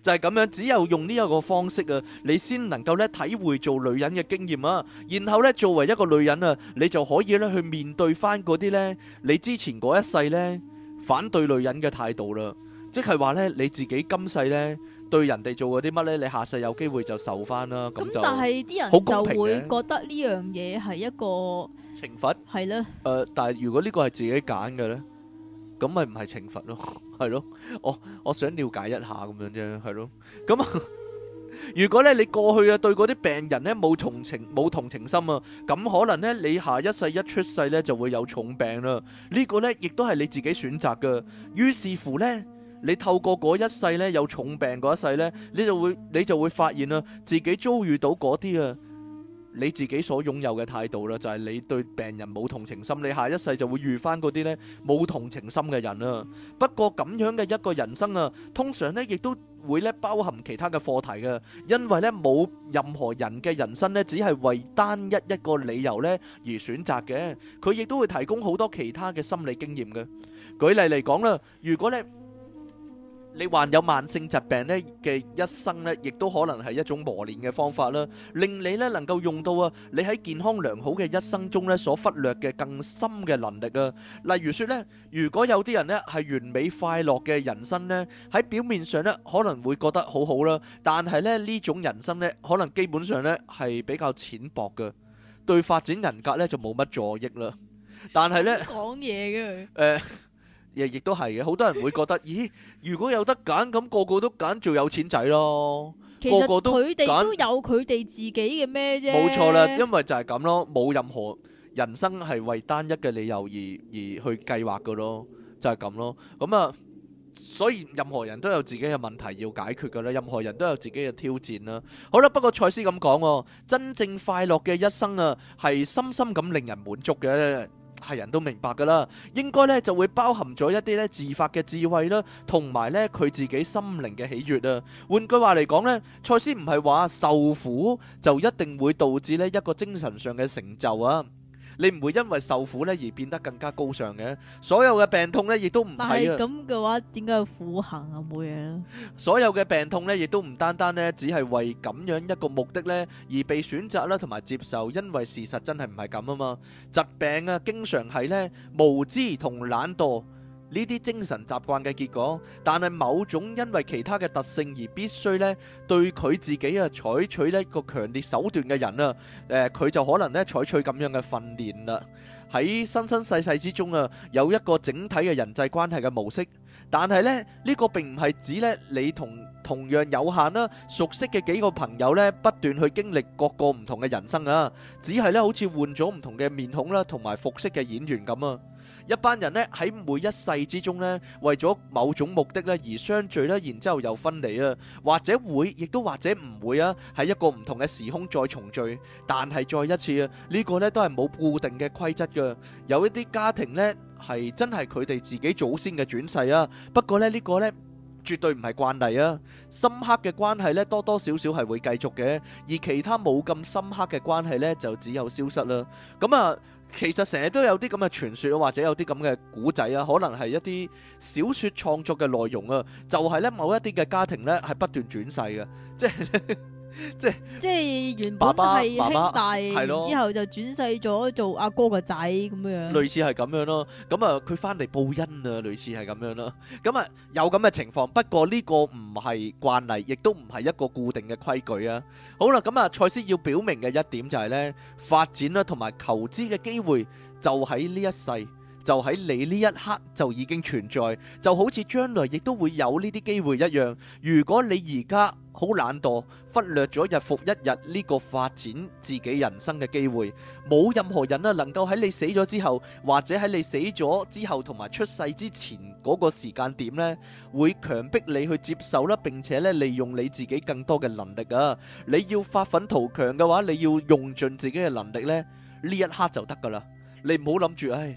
就係咁樣，只有用呢一個方式啊，你先能夠咧體會做女人嘅經驗啊，然後咧作為一個女人啊，你就可以咧去面對翻嗰啲咧，你之前嗰一世咧，反對女人嘅態度啦，即係話咧，你自己今世咧對人哋做過啲乜咧，你下世有機會就受翻啦。咁就，咁但係啲人就會覺得呢樣嘢係一個懲罰，係啦。誒，但係如果呢個係自己揀嘅咧，咁咪唔係懲罰咯，係咯。我我想了解一下咁樣啫，係咯。咁啊。如果咧你過去啊對嗰啲病人咧冇同情冇同情心啊，咁可能咧你下一世一出世咧就會有重病啦。呢個咧亦都係你自己選擇噶。於是乎咧，你透過嗰一世咧有重病嗰一世咧，你就會你就會發現啦，自己遭遇到嗰啲啊。你自己所擁有嘅態度啦，就係你對病人冇同情心，你下一世就會遇返嗰啲冇同情心嘅人，不過咁樣嘅一個人生呢，通常呢亦都會呢包含其他嘅課題嘅，因為呢冇任何人嘅人生只係為單一一個理由而選擇嘅，佢亦都會提供好多其他嘅心理經驗嘅。舉例嚟講啦，如果呢你患有慢性疾病咧嘅一生咧，亦都可能係一種磨練嘅方法啦，令你咧能夠用到啊，你喺健康良好嘅一生中咧所忽略嘅更深嘅能力啊。例如說咧，如果有啲人咧係完美快樂嘅人生咧，喺表面上咧可能會覺得好好啦，但係咧呢種人生咧可能基本上咧係比較淺薄嘅，對發展人格咧就冇乜助益啦。但係咧，講嘢嘅，誒。亦亦都係嘅，好多人會覺得，咦？如果有得揀，咁個個都揀做有錢仔咯。其實個個都揀，佢哋都有佢哋自己嘅咩啫。冇錯啦，因為就係咁咯，冇任何人生係為單一嘅理由而而去計劃嘅咯，就係咁咯。咁啊，所以任何人都有自己嘅問題要解決嘅喇，任何人都有自己嘅挑戰啦。好啦，不過賽斯咁講喎，真正快樂嘅一生啊，係深深咁令人滿足嘅。係人都明白噶啦，應該咧就會包含咗一啲咧自發嘅智慧啦，同埋咧佢自己心靈嘅喜悅啊。換句話嚟講咧，賽斯唔係話受苦就一定會導致咧一個精神上嘅成就啊。你唔會因為受苦咧而變得更加高尚嘅，所有嘅病痛咧亦都唔係啊。咁嘅話，點解要苦行啊每樣啊？所有嘅病痛咧，亦都唔單單咧，只係為咁樣一個目的咧而被選擇啦，同埋接受，因為事實真係唔係咁啊嘛。疾病啊，經常係咧無知同懶惰。呢啲精神習慣嘅結果，但係某種因為其他嘅特性而必須咧，對佢自己啊採取咧一個強烈手段嘅人啊，誒、呃、佢就可能咧採取咁樣嘅訓練啦。喺生生世世之中啊，有一個整體嘅人際關係嘅模式，但係呢，呢、呢個並唔係指咧你同同樣有限啦熟悉嘅幾個朋友咧不斷去經歷各個唔同嘅人生啊，只係咧好似換咗唔同嘅面孔啦，同埋服飾嘅演員咁啊。一班人呢喺每一世之中呢，為咗某種目的呢而相聚呢，然之後又分離啊，或者會，亦都或者唔會啊，喺一個唔同嘅時空再重聚，但係再一次啊，呢個呢都係冇固定嘅規則噶。有一啲家庭呢係真係佢哋自己祖先嘅轉世啊，不過呢呢個呢絕對唔係慣例啊。深刻嘅關係呢多多少少係會繼續嘅，而其他冇咁深刻嘅關係呢就只有消失啦。咁啊。其實成日都有啲咁嘅傳說，或者有啲咁嘅古仔啊，可能係一啲小說創作嘅內容啊，就係呢，某一啲嘅家庭呢，係不斷轉世嘅，即、就、係、是 即係原本係爸兄弟，親之後就轉世咗做阿哥個仔咁樣,類樣，類似係咁樣咯。咁啊，佢翻嚟報恩啊，類似係咁樣咯。咁啊，有咁嘅情況，不過呢個唔係慣例，亦都唔係一個固定嘅規矩啊。好啦，咁啊，賽斯要表明嘅一點就係、是、呢：發展啦同埋求知嘅機會就喺呢一世。就喺你呢一刻就已經存在，就好似將來亦都會有呢啲機會一樣。如果你而家好懶惰，忽略咗日復一日呢個發展自己人生嘅機會，冇任何人啊能夠喺你死咗之後，或者喺你死咗之後同埋出世之前嗰個時間點呢，會強迫你去接受啦，並且咧利用你自己更多嘅能力啊。你要發奮圖強嘅話，你要用盡自己嘅能力呢，呢一刻就得噶啦。你唔好諗住唉。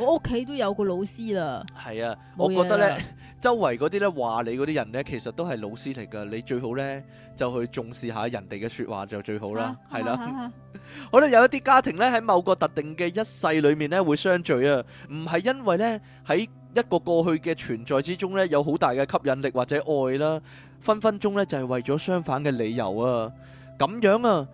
我屋企都有個老師啦。係啊，我覺得呢，周圍嗰啲呢，話你嗰啲人呢，其實都係老師嚟噶。你最好呢，就去重視下人哋嘅說話就最好啦。係啦，好啦，有一啲家庭呢，喺某個特定嘅一世裏面呢，會相聚啊，唔係因為呢，喺一個過去嘅存在之中呢，有好大嘅吸引力或者愛啦，分分鐘呢，就係為咗相反嘅理由啊。咁樣啊，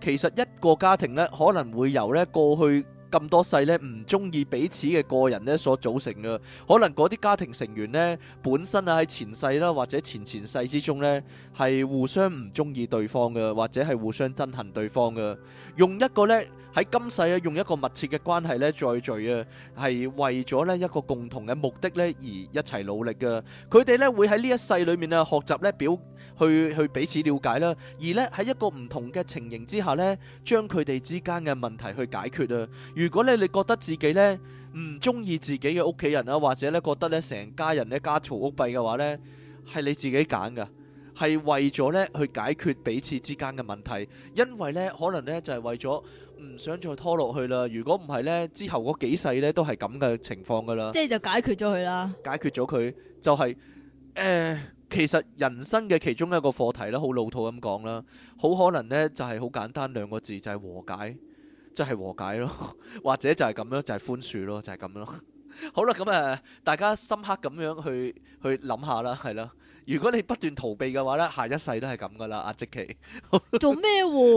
其實一個家庭呢，可能會由呢過去。咁多世咧，唔中意彼此嘅個人咧，所組成嘅，可能嗰啲家庭成員咧，本身啊喺前世啦或者前前世之中咧，係互相唔中意對方嘅，或者係互相憎恨對方嘅，用一個咧。喺今世啊，用一個密切嘅關係咧，再聚啊，係為咗咧一個共同嘅目的咧而一齊努力噶佢哋咧會喺呢一世裏面啊，學習咧表去去彼此了解啦。而咧喺一個唔同嘅情形之下咧，將佢哋之間嘅問題去解決啊。如果咧你覺得自己咧唔中意自己嘅屋企人啊，或者咧覺得咧成家人咧家嘈屋閉嘅話咧，係你自己揀噶係為咗咧去解決彼此之間嘅問題，因為咧可能咧就係為咗唔想再拖落去啦。如果唔係咧，之後嗰幾世咧都係咁嘅情況噶啦。即係就解決咗佢啦。解決咗佢就係誒，其實人生嘅其中一個課題啦，好老土咁講啦，好可能咧就係好簡單兩個字，就係和解，即係和解咯，或者就係咁樣，就係寬恕咯，就係咁咯。好啦，咁誒，大家深刻咁樣去去諗下啦，係啦。如果你不斷逃避嘅話咧，下一世都係咁噶啦，阿積奇做咩？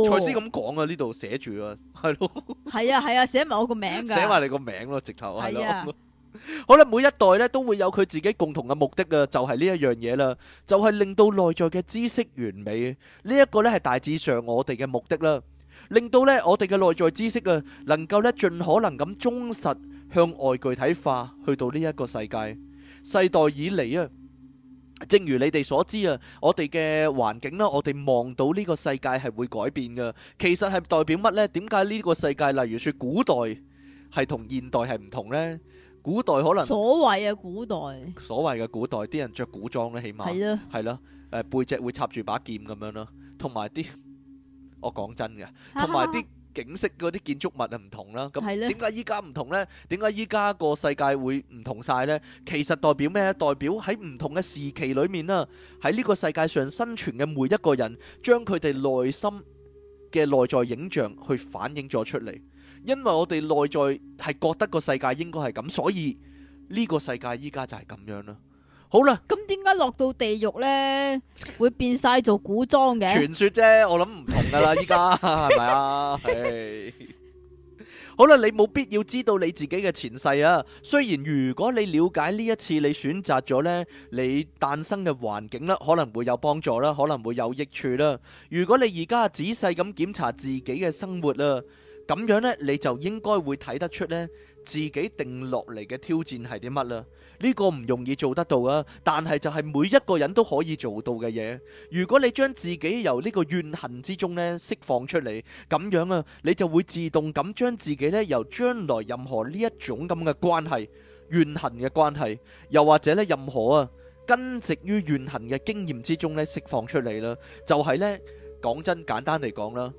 賽斯咁講啊，呢度寫住啊，係咯，係啊係啊，寫埋我個名噶，寫埋你個名咯，直頭係咯。好啦，每一代咧都會有佢自己共同嘅目的啊，就係呢一樣嘢啦，就係令到內在嘅知識完美。呢一個咧係大致上我哋嘅目的啦，令到咧我哋嘅內在知識啊，能夠咧盡可能咁忠實向外具體化，去到呢一個世界。世代以嚟啊。正如你哋所知啊，我哋嘅環境啦，我哋望到呢個世界係會改變嘅。其實係代表乜咧？點解呢個世界，例如說古代係同現代係唔同咧？古代可能所謂嘅古代，所謂嘅古代，啲人着古裝咧，起碼係咯，係咯的、呃，背脊會插住把劍咁樣咯，同埋啲我講真嘅，同埋啲。 景色嗰啲建築物啊唔同啦，咁點解依家唔同呢？點解依家個世界會唔同晒呢？其實代表咩？代表喺唔同嘅時期裏面啦，喺呢個世界上生存嘅每一個人，將佢哋內心嘅內在影像去反映咗出嚟。因為我哋內在係覺得個世界應該係咁，所以呢個世界依家就係咁樣啦。好啦，咁點解落到地獄呢？會變晒做古裝嘅？傳說啫，我諗唔同噶啦，依家係咪啊？ 好啦，你冇必要知道你自己嘅前世啊。雖然如果你了解呢一次你選擇咗呢你誕生嘅環境啦，可能會有幫助啦，可能會有益處啦。如果你而家仔細咁檢查自己嘅生活啦，咁樣呢，你就應該會睇得出呢自己定落嚟嘅挑戰係啲乜啦。呢個唔容易做得到啊，但係就係每一個人都可以做到嘅嘢。如果你將自己由呢個怨恨之中咧釋放出嚟，咁樣啊，你就會自動咁將自己咧由將來任何呢一種咁嘅關係、怨恨嘅關係，又或者咧任何啊根植於怨恨嘅經驗之中咧釋放出嚟啦，就係咧講真，簡單嚟講啦。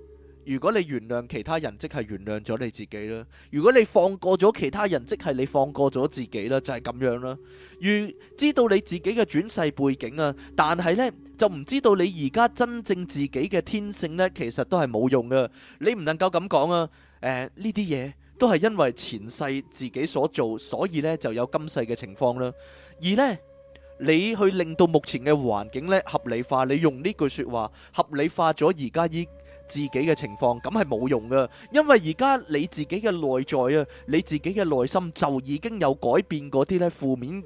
如果你原諒其他人，即係原諒咗你自己啦；如果你放過咗其他人，即係你放過咗自己啦，就係咁樣啦。如知道你自己嘅轉世背景啊，但係呢就唔知道你而家真正自己嘅天性呢，其實都係冇用噶。你唔能夠咁講啊，誒呢啲嘢都係因為前世自己所做，所以呢就有今世嘅情況啦。而呢你去令到目前嘅環境呢合理化，你用呢句說話合理化咗而家嘅自己嘅情況咁係冇用㗎，因為而家你自己嘅內在啊，你自己嘅內心就已經有改變嗰啲呢負面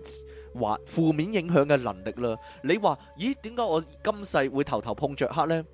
或負面影響嘅能力啦。你話咦，點解我今世會頭頭碰著黑呢？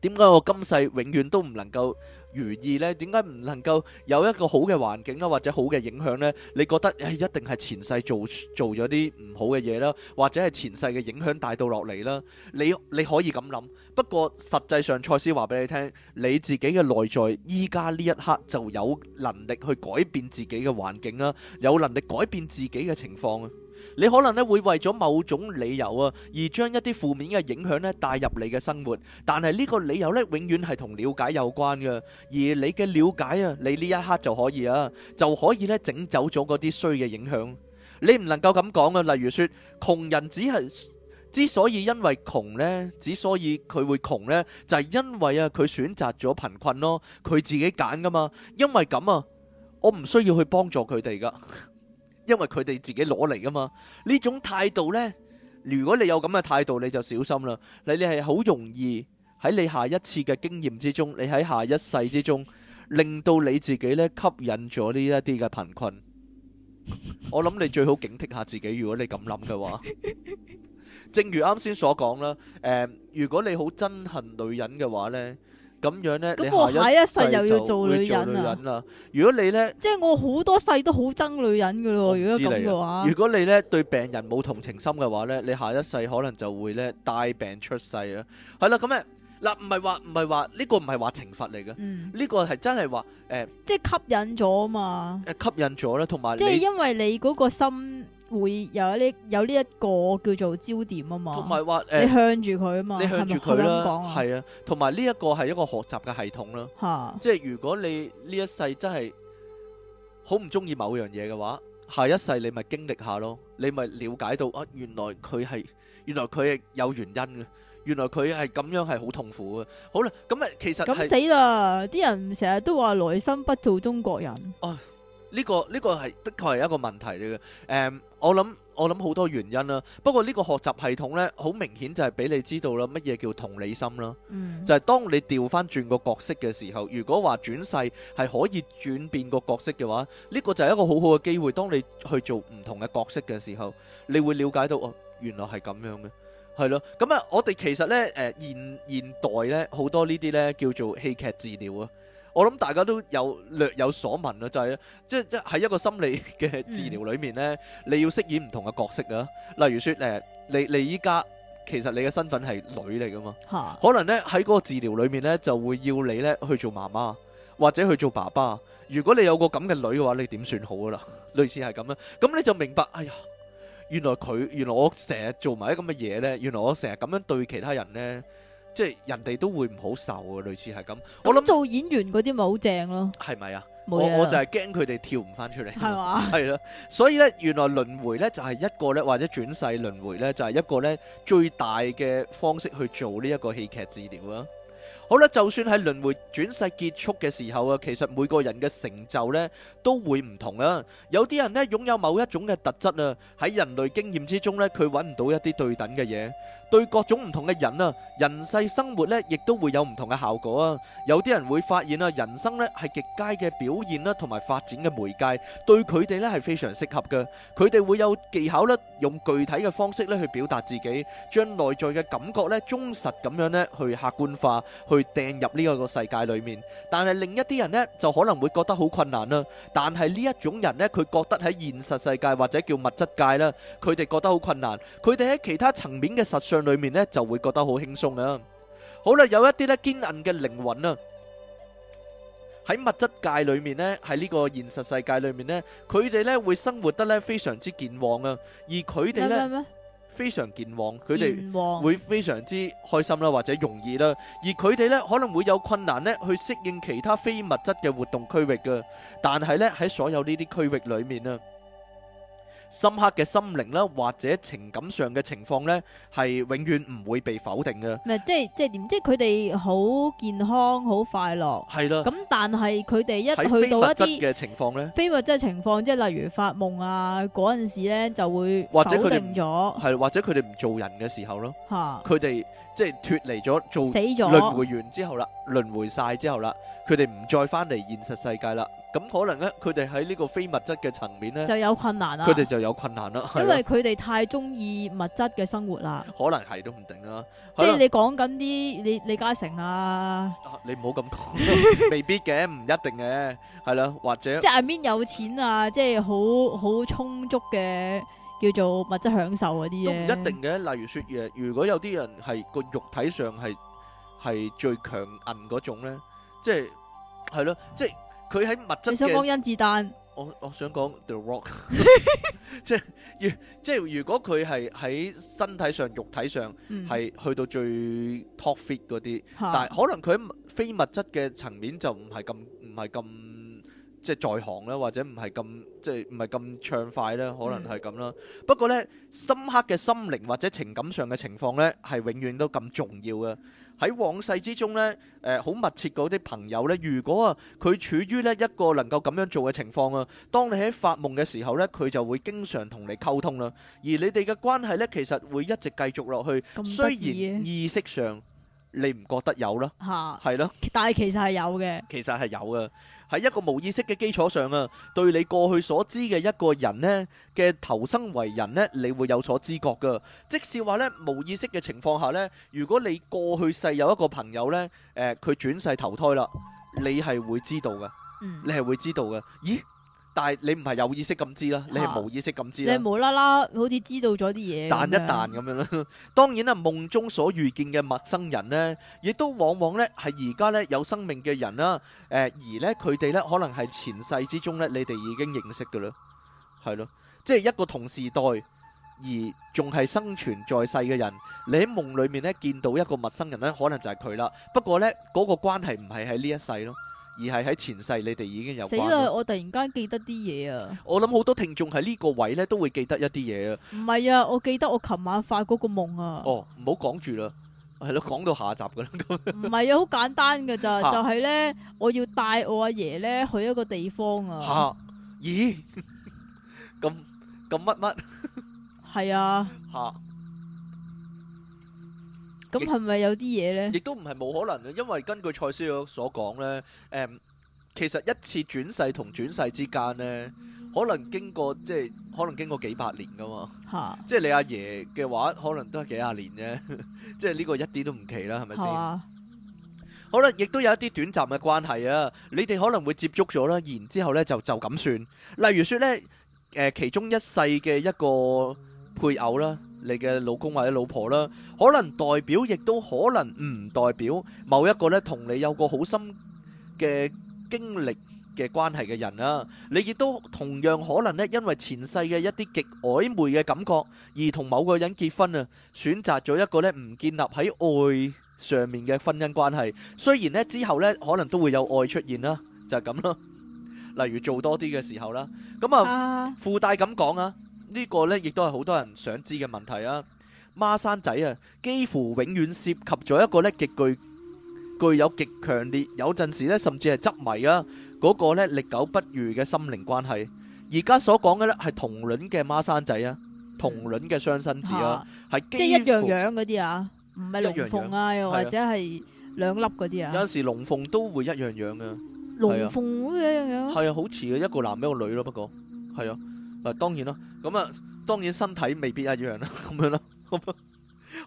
點解我今世永遠都唔能夠？如意呢，點解唔能夠有一個好嘅環境啦，或者好嘅影響呢？你覺得唉、哎，一定係前世做做咗啲唔好嘅嘢啦，或者係前世嘅影響帶到落嚟啦。你你可以咁諗，不過實際上，賽斯話俾你聽，你自己嘅內在依家呢一刻就有能力去改變自己嘅環境啦，有能力改變自己嘅情況啊！你可能咧會為咗某種理由啊，而將一啲負面嘅影響咧帶入你嘅生活，但係呢個理由咧永遠係同了解有關嘅，而你嘅了解啊，你呢一刻就可以啊，就可以咧整走咗嗰啲衰嘅影響。你唔能夠咁講啊，例如說窮人只係之所以因為窮呢，之所以佢會窮呢，就係因為啊佢選擇咗貧困咯，佢自己揀噶嘛，因為咁啊，我唔需要去幫助佢哋噶。因為佢哋自己攞嚟噶嘛，呢種態度呢，如果你有咁嘅態度，你就小心啦。你你係好容易喺你下一次嘅經驗之中，你喺下一世之中，令到你自己呢吸引咗呢一啲嘅貧困。我諗你最好警惕下自己，如果你咁諗嘅話， 正如啱先所講啦。誒、呃，如果你好憎恨女人嘅話呢。咁樣咧，咁我下一世又要做女人啊！如果你咧，即係我好多世都好憎女人噶咯。如果咁嘅話，如果你咧，對病人冇同情心嘅話咧，你下一世可能就會咧，帶病出世啊！係啦，咁咧嗱，唔係話唔係話呢個唔係話懲罰嚟嘅，嗯，呢個係真係話誒，即係吸引咗啊嘛，誒，吸引咗咧，同埋你，即係因為你嗰個心。會有一啲有呢一個叫做焦點啊嘛，同埋話誒，呃、你向住佢啊嘛，你向住佢啦，係啊，同埋呢一個係一個學習嘅系統啦，哈即係如果你呢一世真係好唔中意某樣嘢嘅話，下一世你咪經歷下咯，你咪了解到啊，原來佢係原來佢係有原因嘅，原來佢係咁樣係好痛苦嘅，好啦，咁、嗯、啊其實咁死啦，啲人成日都話來生不做中國人，哦、哎、呢、這個呢、這個係的確係一個問題嚟嘅，誒、嗯。我諗我諗好多原因啦，不過呢個學習系統呢，好明顯就係俾你知道啦，乜嘢叫同理心啦，嗯、就係當你調翻轉個角色嘅時候，如果話轉世係可以轉變個角色嘅話，呢、這個就係一個好好嘅機會。當你去做唔同嘅角色嘅時候，你會了解到哦，原來係咁樣嘅，係咯。咁、嗯、啊，我哋其實呢，誒、呃，現現代呢，好多呢啲呢叫做戲劇治療啊。我諗大家都有略有所聞咯，就係即即係喺一個心理嘅治療裏面咧，你要飾演唔同嘅角色噶例如說誒、呃，你你依家其實你嘅身份係女嚟噶嘛？嗯、可能咧喺嗰個治療裏面咧，就會要你咧去做媽媽或者去做爸爸。如果你有個咁嘅女嘅話，你點算好噶啦？類似係咁樣。咁你就明白，哎呀，原來佢，原來我成日做埋啲咁嘅嘢呢？原來我成日咁樣對其他人呢。即係人哋都會唔好受啊，類似係咁。我諗做演員嗰啲咪好正咯，係咪啊？我我就係驚佢哋跳唔翻出嚟，係嘛嗎？係咯， 所以咧，原來輪迴咧就係、是、一個咧，或者轉世輪迴咧就係、是、一個咧最大嘅方式去做呢一個戲劇治療啊。好啦，就算喺輪迴轉世結束嘅時候啊，其實每個人嘅成就呢都會唔同啊。有啲人呢擁有某一種嘅特質啊，喺人類經驗之中呢，佢揾唔到一啲對等嘅嘢，對各種唔同嘅人啊，人世生活呢亦都會有唔同嘅效果啊。有啲人會發現啊，人生呢係極佳嘅表現啦，同埋發展嘅媒介，對佢哋呢係非常適合嘅。佢哋會有技巧呢，用具體嘅方式呢去表達自己，將內在嘅感覺呢忠實咁樣呢去客觀化。去掟入呢一個世界裏面，但係另一啲人呢，就可能會覺得好困難啦、啊。但係呢一種人呢，佢覺得喺現實世界或者叫物質界啦，佢哋覺得好困難，佢哋喺其他層面嘅實相裏面呢，就會覺得好輕鬆啊。好啦，有一啲呢堅韌嘅靈魂啦、啊，喺物質界裏面呢，喺呢個現實世界裏面呢，佢哋呢會生活得呢非常之健旺啊，而佢哋呢。 非常健忘，佢哋會非常之開心啦，或者容易啦。而佢哋呢，可能會有困難呢，去適應其他非物質嘅活動區域嘅。但係呢，喺所有呢啲區域裏面啊。深刻嘅心靈啦，或者情感上嘅情況咧，係永遠唔會被否定嘅。係，即係即係點？即係佢哋好健康、好快樂。係咯。咁但係佢哋一去到一啲嘅情況咧，非物質嘅情況，即係例如發夢啊嗰陣時咧，就會否定咗。係，或者佢哋唔做人嘅時候咯。吓，佢哋即係脫離咗做死咗輪迴完之後啦，輪迴晒之後啦，佢哋唔再翻嚟現實世界啦。咁、嗯、可能咧，佢哋喺呢個非物質嘅層面咧，就有困難啦。佢哋就有困難啦，因為佢哋太中意物質嘅生活啦。可能係都唔定啦，即係你講緊啲李李嘉誠啊。你唔好咁講，未必嘅，唔 一定嘅，係啦，或者即係邊有錢啊，即係好好充足嘅叫做物質享受嗰啲嘢。唔一定嘅，例如說嘅，如果有啲人係個肉體上係係最強硬嗰種咧，即係係咯，即係。即係佢喺物質嘅，你想講甄子丹？我我想講 The Rock， 即係如，即係如果佢係喺身體上、肉體上係去到最 top fit 嗰啲，嗯、但係可能佢喺非物質嘅層面就唔係咁，唔係咁即係在行啦，或者唔係咁即係唔係咁暢快啦，可能係咁啦。嗯、不過呢，深刻嘅心靈或者情感上嘅情況呢，係永遠都咁重要嘅。喺往世之中呢，誒、呃、好密切嗰啲朋友呢，如果啊佢處於呢一個能夠咁樣做嘅情況啊，當你喺發夢嘅時候呢，佢就會經常同你溝通啦。而你哋嘅關係呢，其實會一直繼續落去。咁雖然意識上你唔覺得有啦，嚇、啊，係咯，但係其實係有嘅。其實係有嘅。喺一個無意識嘅基礎上啊，對你過去所知嘅一個人咧嘅投生為人咧，你會有所知覺噶。即係話呢，無意識嘅情況下呢，如果你過去世有一個朋友呢，呃、佢轉世投胎啦，你係會知道噶，你係會知道噶。咦？但係你唔係有意識咁知啦，你係無意識咁知啦。你無啦啦好似知道咗啲嘢。彈一彈咁樣啦。當然啦，夢中所遇見嘅陌生人咧，亦都往往咧係而家咧有生命嘅人啦。誒，而咧佢哋咧可能係前世之中咧，你哋已經認識噶啦。係咯，即係一個同時代而仲係生存在世嘅人，你喺夢裏面咧見到一個陌生人咧，可能就係佢啦。不過咧嗰個關係唔係喺呢一世咯。而係喺前世，你哋已經有關。死啦！我突然間記得啲嘢啊！我諗好多聽眾喺呢個位咧，都會記得一啲嘢啊！唔係啊，我記得我琴晚發嗰個夢啊！哦，唔好講住啦，係咯，講到下集噶啦。唔 係啊，好簡單嘅咋，就係、是、咧，我要帶我阿爺咧去一個地方啊！嚇 咦？ 咦？咁咁乜乜？係啊！嚇！ 咁係咪有啲嘢咧？亦都唔係冇可能嘅，因為根據賽斯友所講咧，誒，其實一次轉世同轉世之間咧，可能經過，即係可能經過幾百年噶嘛，吓，即係你阿爺嘅話，可能都係幾廿年啫，即係呢個一啲都唔奇啦，係咪先？好啦，亦都有一啲短暫嘅關係啊，你哋可能會接觸咗啦，然之後咧就就咁算。例如說咧，誒，其中一世嘅一個配偶啦。你嘅老公或者老婆啦，可能代表，亦都可能唔代表某一個咧，同你有個好深嘅經歷嘅關係嘅人啦。你亦都同樣可能咧，因為前世嘅一啲極曖昧嘅感覺，而同某個人結婚啊，選擇咗一個咧唔建立喺愛上面嘅婚姻關係。雖然咧之後咧可能都會有愛出現啦，就係咁咯。例如做多啲嘅時候啦，咁啊附帶咁講啊。呢個呢亦都係好多人想知嘅問題啊！孖生仔啊，幾乎永遠涉及咗一個呢極具、具有極強烈，有陣時呢甚至係執迷啊，嗰個呢歷久不渝嘅心靈關係。而家所講嘅呢係同卵嘅孖生仔啊，同卵嘅雙生子啊，係即係一樣樣嗰啲啊，唔係龍鳳啊，又或者係兩粒嗰啲啊。有陣時龍鳳都會一樣樣嘅，龍鳳會一樣樣。係啊，好似嘅一個男一個女咯，不過係啊。嗱，當然啦，咁啊，當然身體未必一樣啦，咁樣啦，好，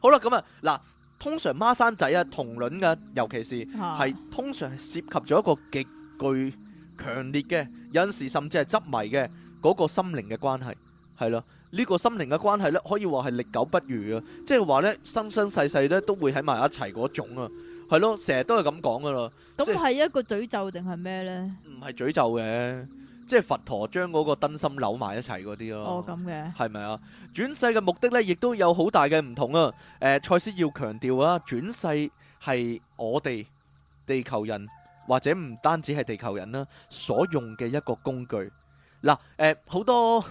好啦，咁啊，嗱，通常孖生仔啊，同卵嘅、啊，尤其是係、啊、通常係涉及咗一個極具強烈嘅，有陣時甚至係執迷嘅嗰、嗰個心靈嘅關係，係咯，呢、呢個心靈嘅關係咧，可以話係歷久不渝嘅，即係話咧，生生世世咧都會喺埋一齊嗰種啊，係咯，成日都係咁講噶啦。咁係一個詛咒定係咩咧？唔係詛咒嘅。即係佛陀將嗰個燈芯扭埋一齊嗰啲咯，哦，噉嘅，係咪啊？轉世嘅目的呢，亦都有好大嘅唔同啊！誒，賽斯要強調啊，轉世係我哋地球人或者唔單止係地球人啦，所用嘅一個工具。嗱，誒，好多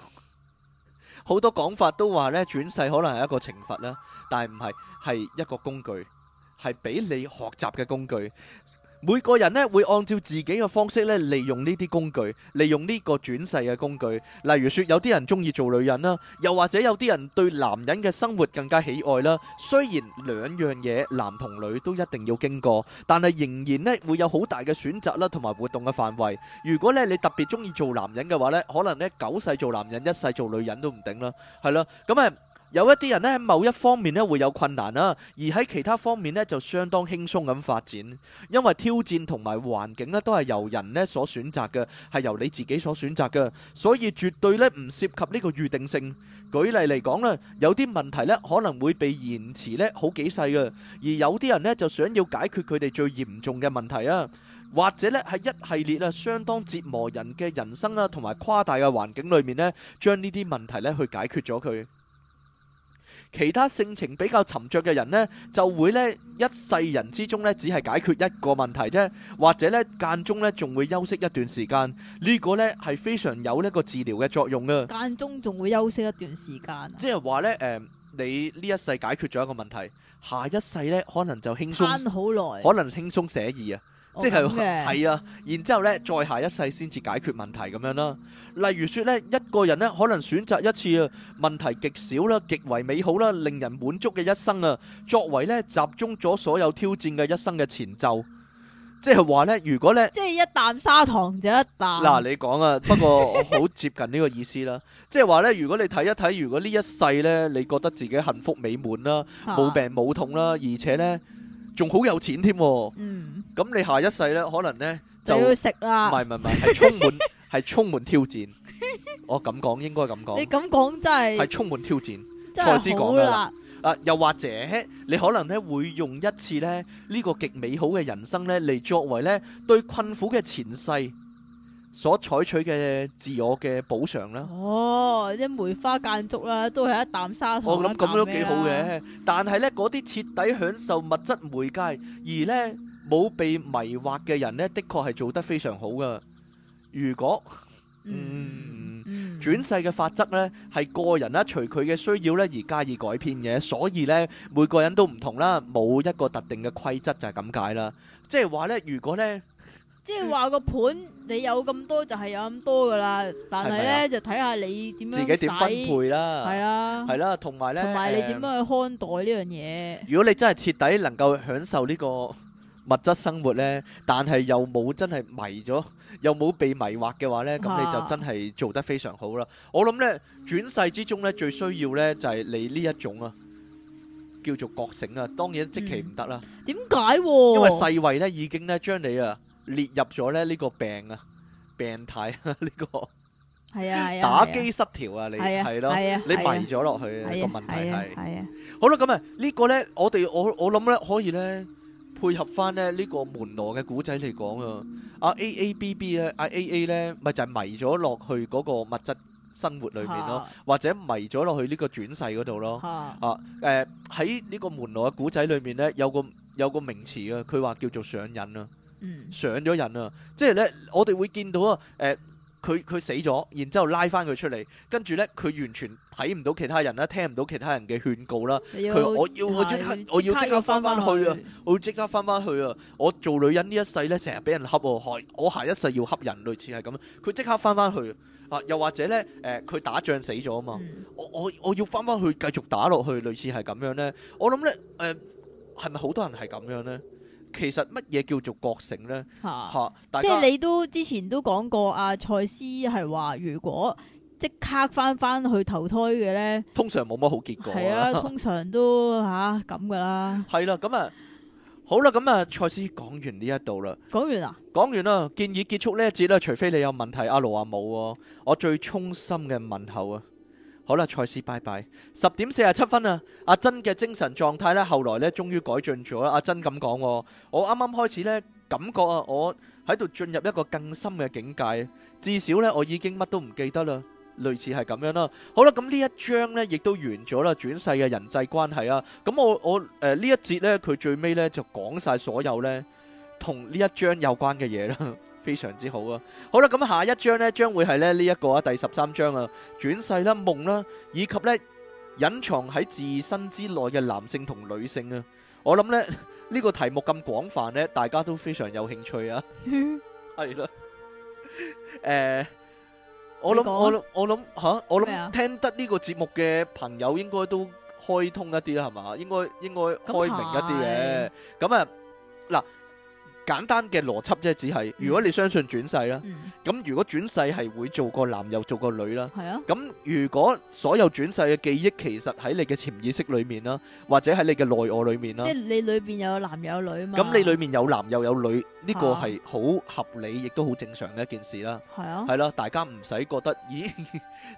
好多講法都話呢，轉世可能係一個懲罰啦，但係唔係，係一個工具，係俾你學習嘅工具。每個人咧會按照自己嘅方式咧利用呢啲工具，利用呢個轉世嘅工具。例如說，有啲人中意做女人啦，又或者有啲人對男人嘅生活更加喜愛啦。雖然兩樣嘢男同女都一定要經過，但係仍然咧會有好大嘅選擇啦，同埋活動嘅範圍。如果咧你特別中意做男人嘅話咧，可能咧九世做男人，一世做女人都唔定啦，係啦，咁誒。有一啲人咧喺某一方面咧會有困難啦，而喺其他方面咧就相當輕鬆咁發展。因為挑戰同埋環境咧都係由人咧所選擇嘅，係由你自己所選擇嘅，所以絕對咧唔涉及呢個預定性。舉例嚟講啦，有啲問題咧可能會被延遲咧好幾世嘅，而有啲人咧就想要解決佢哋最嚴重嘅問題啊，或者咧係一系列啊相當折磨人嘅人生啊同埋誇大嘅環境裏面咧，將呢啲問題咧去解決咗佢。其他性情比較沉着嘅人呢，就會呢，一世人之中呢，只係解決一個問題啫，或者呢，間中呢，仲會休息一段時間。呢、呢個呢，係非常有呢個治療嘅作用啊！間中仲會休息一段時間、啊，即係話呢，誒、呃，你呢一世解決咗一個問題，下一世呢，可能就輕鬆，攤好耐，可能輕鬆寫意啊！即係係 啊，然之後呢，再下一世先至解決問題咁樣啦。例如說呢，一個人呢，可能選擇一次問題極少啦、極為美好啦、令人滿足嘅一生啊，作為呢集中咗所有挑戰嘅一生嘅前奏。即係話呢，如果呢，即係一啖砂糖就一啖。嗱，你講啊，不過我好接近呢個意思啦。 即係話呢，如果你睇一睇，如果呢一世呢，你覺得自己幸福美滿啦，冇病冇痛啦，而且呢。仲好有錢添，咁你下一世呢，可能呢就要食啦。唔係唔係唔係，係充滿係充滿挑戰。我咁講，應該咁講。你咁講真係係充滿挑戰。賽斯講㗎啦。啊，又或者你可能呢會用一次呢呢個極美好嘅人生呢，嚟作為呢對困苦嘅前世。所採取嘅自我嘅補償啦，哦，啲梅花間竹啦，啊，都係一啖沙糖。我諗咁都幾好嘅，但係咧嗰啲徹底享受物質媒介，嗯、而呢冇被迷惑嘅人呢，的確係做得非常好噶。如果嗯，嗯轉世嘅法則呢，係、嗯、個人啦，隨佢嘅需要咧而加以改變嘅，所以呢，每個人都唔同啦，冇一個特定嘅規則就係咁解啦。即係話呢，如果呢。即係話個盤，你有咁多就係有咁多噶啦，但係咧就睇下你點樣自己點分配啦，係啊，係啦，同埋咧同埋你點樣去看待呢樣嘢。如果你真係徹底能夠享受呢個物質生活咧，但係又冇真係迷咗，又冇被迷惑嘅話咧，咁你就真係做得非常好啦。我諗咧轉世之中咧最需要咧就係你呢一種啊，叫做覺醒啊。當然即其唔得啦。點解喎？因為世衛咧已經咧將你啊。列入咗咧呢個病啊病態啊，呢個係啊，打機失調啊，你係咯、啊、你迷咗落去、啊啊、個問題係係啊，啊，啊好啦，咁啊呢個咧我哋我我諗咧可以咧配合翻咧呢個門羅嘅古仔嚟講啊，阿 A A B B 咧，阿 A A 咧咪就係迷咗落去嗰個物質生活裏面咯，或者迷咗落去呢個轉世嗰度咯。啊誒喺呢個門羅嘅古仔裏面咧，有個有個名詞啊，佢話叫做上癮啊。上咗人啊，即係咧，我哋會見到啊，誒、呃，佢佢死咗，然之後拉翻佢出嚟，跟住咧，佢完全睇唔到其他人咧、啊，聽唔到其他人嘅勸告啦。佢要我要我即刻我要即刻翻翻去，啊、去啊！我要即刻翻翻去啊！我做女人呢一世咧，成日俾人恰我害，我下一世要恰人，類似係咁。佢即刻翻翻去啊！又或者咧，誒、呃，佢打仗死咗啊嘛，嗯、我我我要翻翻去繼續打落去，類似係咁樣咧。我諗咧，誒、呃，係咪好多人係咁樣咧？其實乜嘢叫做覺醒呢？吓、啊，家即係你都之前都講過啊，蔡司係話，如果即刻翻翻去投胎嘅呢，通常冇乜好結果。係啊，通常都吓咁噶啦。係啦， 咁啊，好啦，咁啊，蔡司講完呢一度啦，講完啦，講完啦，建議結束呢一節啦，除非你有問題。阿盧話冇，我最衷心嘅問候啊！好啦，賽斯拜拜。十點四十七分啊，阿珍嘅精神狀態咧，後來咧終於改進咗啦。阿珍咁講，哦，我啱啱開始咧，感覺啊，我喺度進入一個更深嘅境界，至少呢，我已經乜都唔記得啦，類似係咁樣啦。好啦，咁呢一章呢，亦都完咗啦，轉世嘅人際關係啊。咁我我誒呢，呃、一節呢，佢最尾呢就講晒所有呢同呢一章有關嘅嘢啦。非常之好啊！好啦，咁下一章呢，將會係咧，呢一個啊第十三章啊，轉世啦、夢啦，以及呢隱藏喺自身之內嘅男性同女性啊！我諗呢，呢個題目咁廣泛呢，大家都非常有興趣啊！係啦，誒，我諗我諗我諗吓，我諗聽得呢個節目嘅朋友應該都開通一啲啦，係嘛？應該應該開明一啲嘅。咁啊嗱。簡單嘅邏輯啫，只係如果你相信轉世啦，咁、嗯、如果轉世係會做個男又做個女啦，係啊，咁如果所有轉世嘅記憶其實喺你嘅潛意識裏面啦，或者喺你嘅內外裏面啦，即係你裏邊有男又有女啊嘛，咁你裏面有男又有女，呢、呢個係好合理、啊、亦都好正常嘅一件事啦，係啊，係咯、啊，大家唔使覺得，咦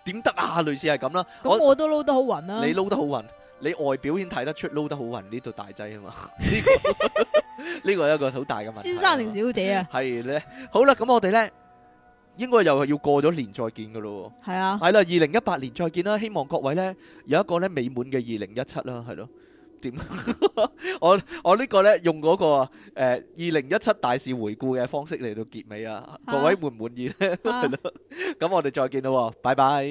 點得 啊？類似係咁啦，咁我都撈得好運啦、啊，你撈得，得好運，你外表已經睇得出撈得好運呢度大劑啊嘛，呢、呢個。 呢個係一個好大嘅問題。先生定小姐啊，係咧，好啦，咁我哋呢，應該又係要過咗年再見噶咯。係啊的，係啦，二零一八年再見啦，希望各位呢，有一個咧美滿嘅二零一七啦，係咯。點？ 我我呢個呢，用嗰、嗰個誒二零一七大事回顧嘅方式嚟到結尾啊，的各位滿唔滿意咧？咁的是的 我哋再見啦，拜拜。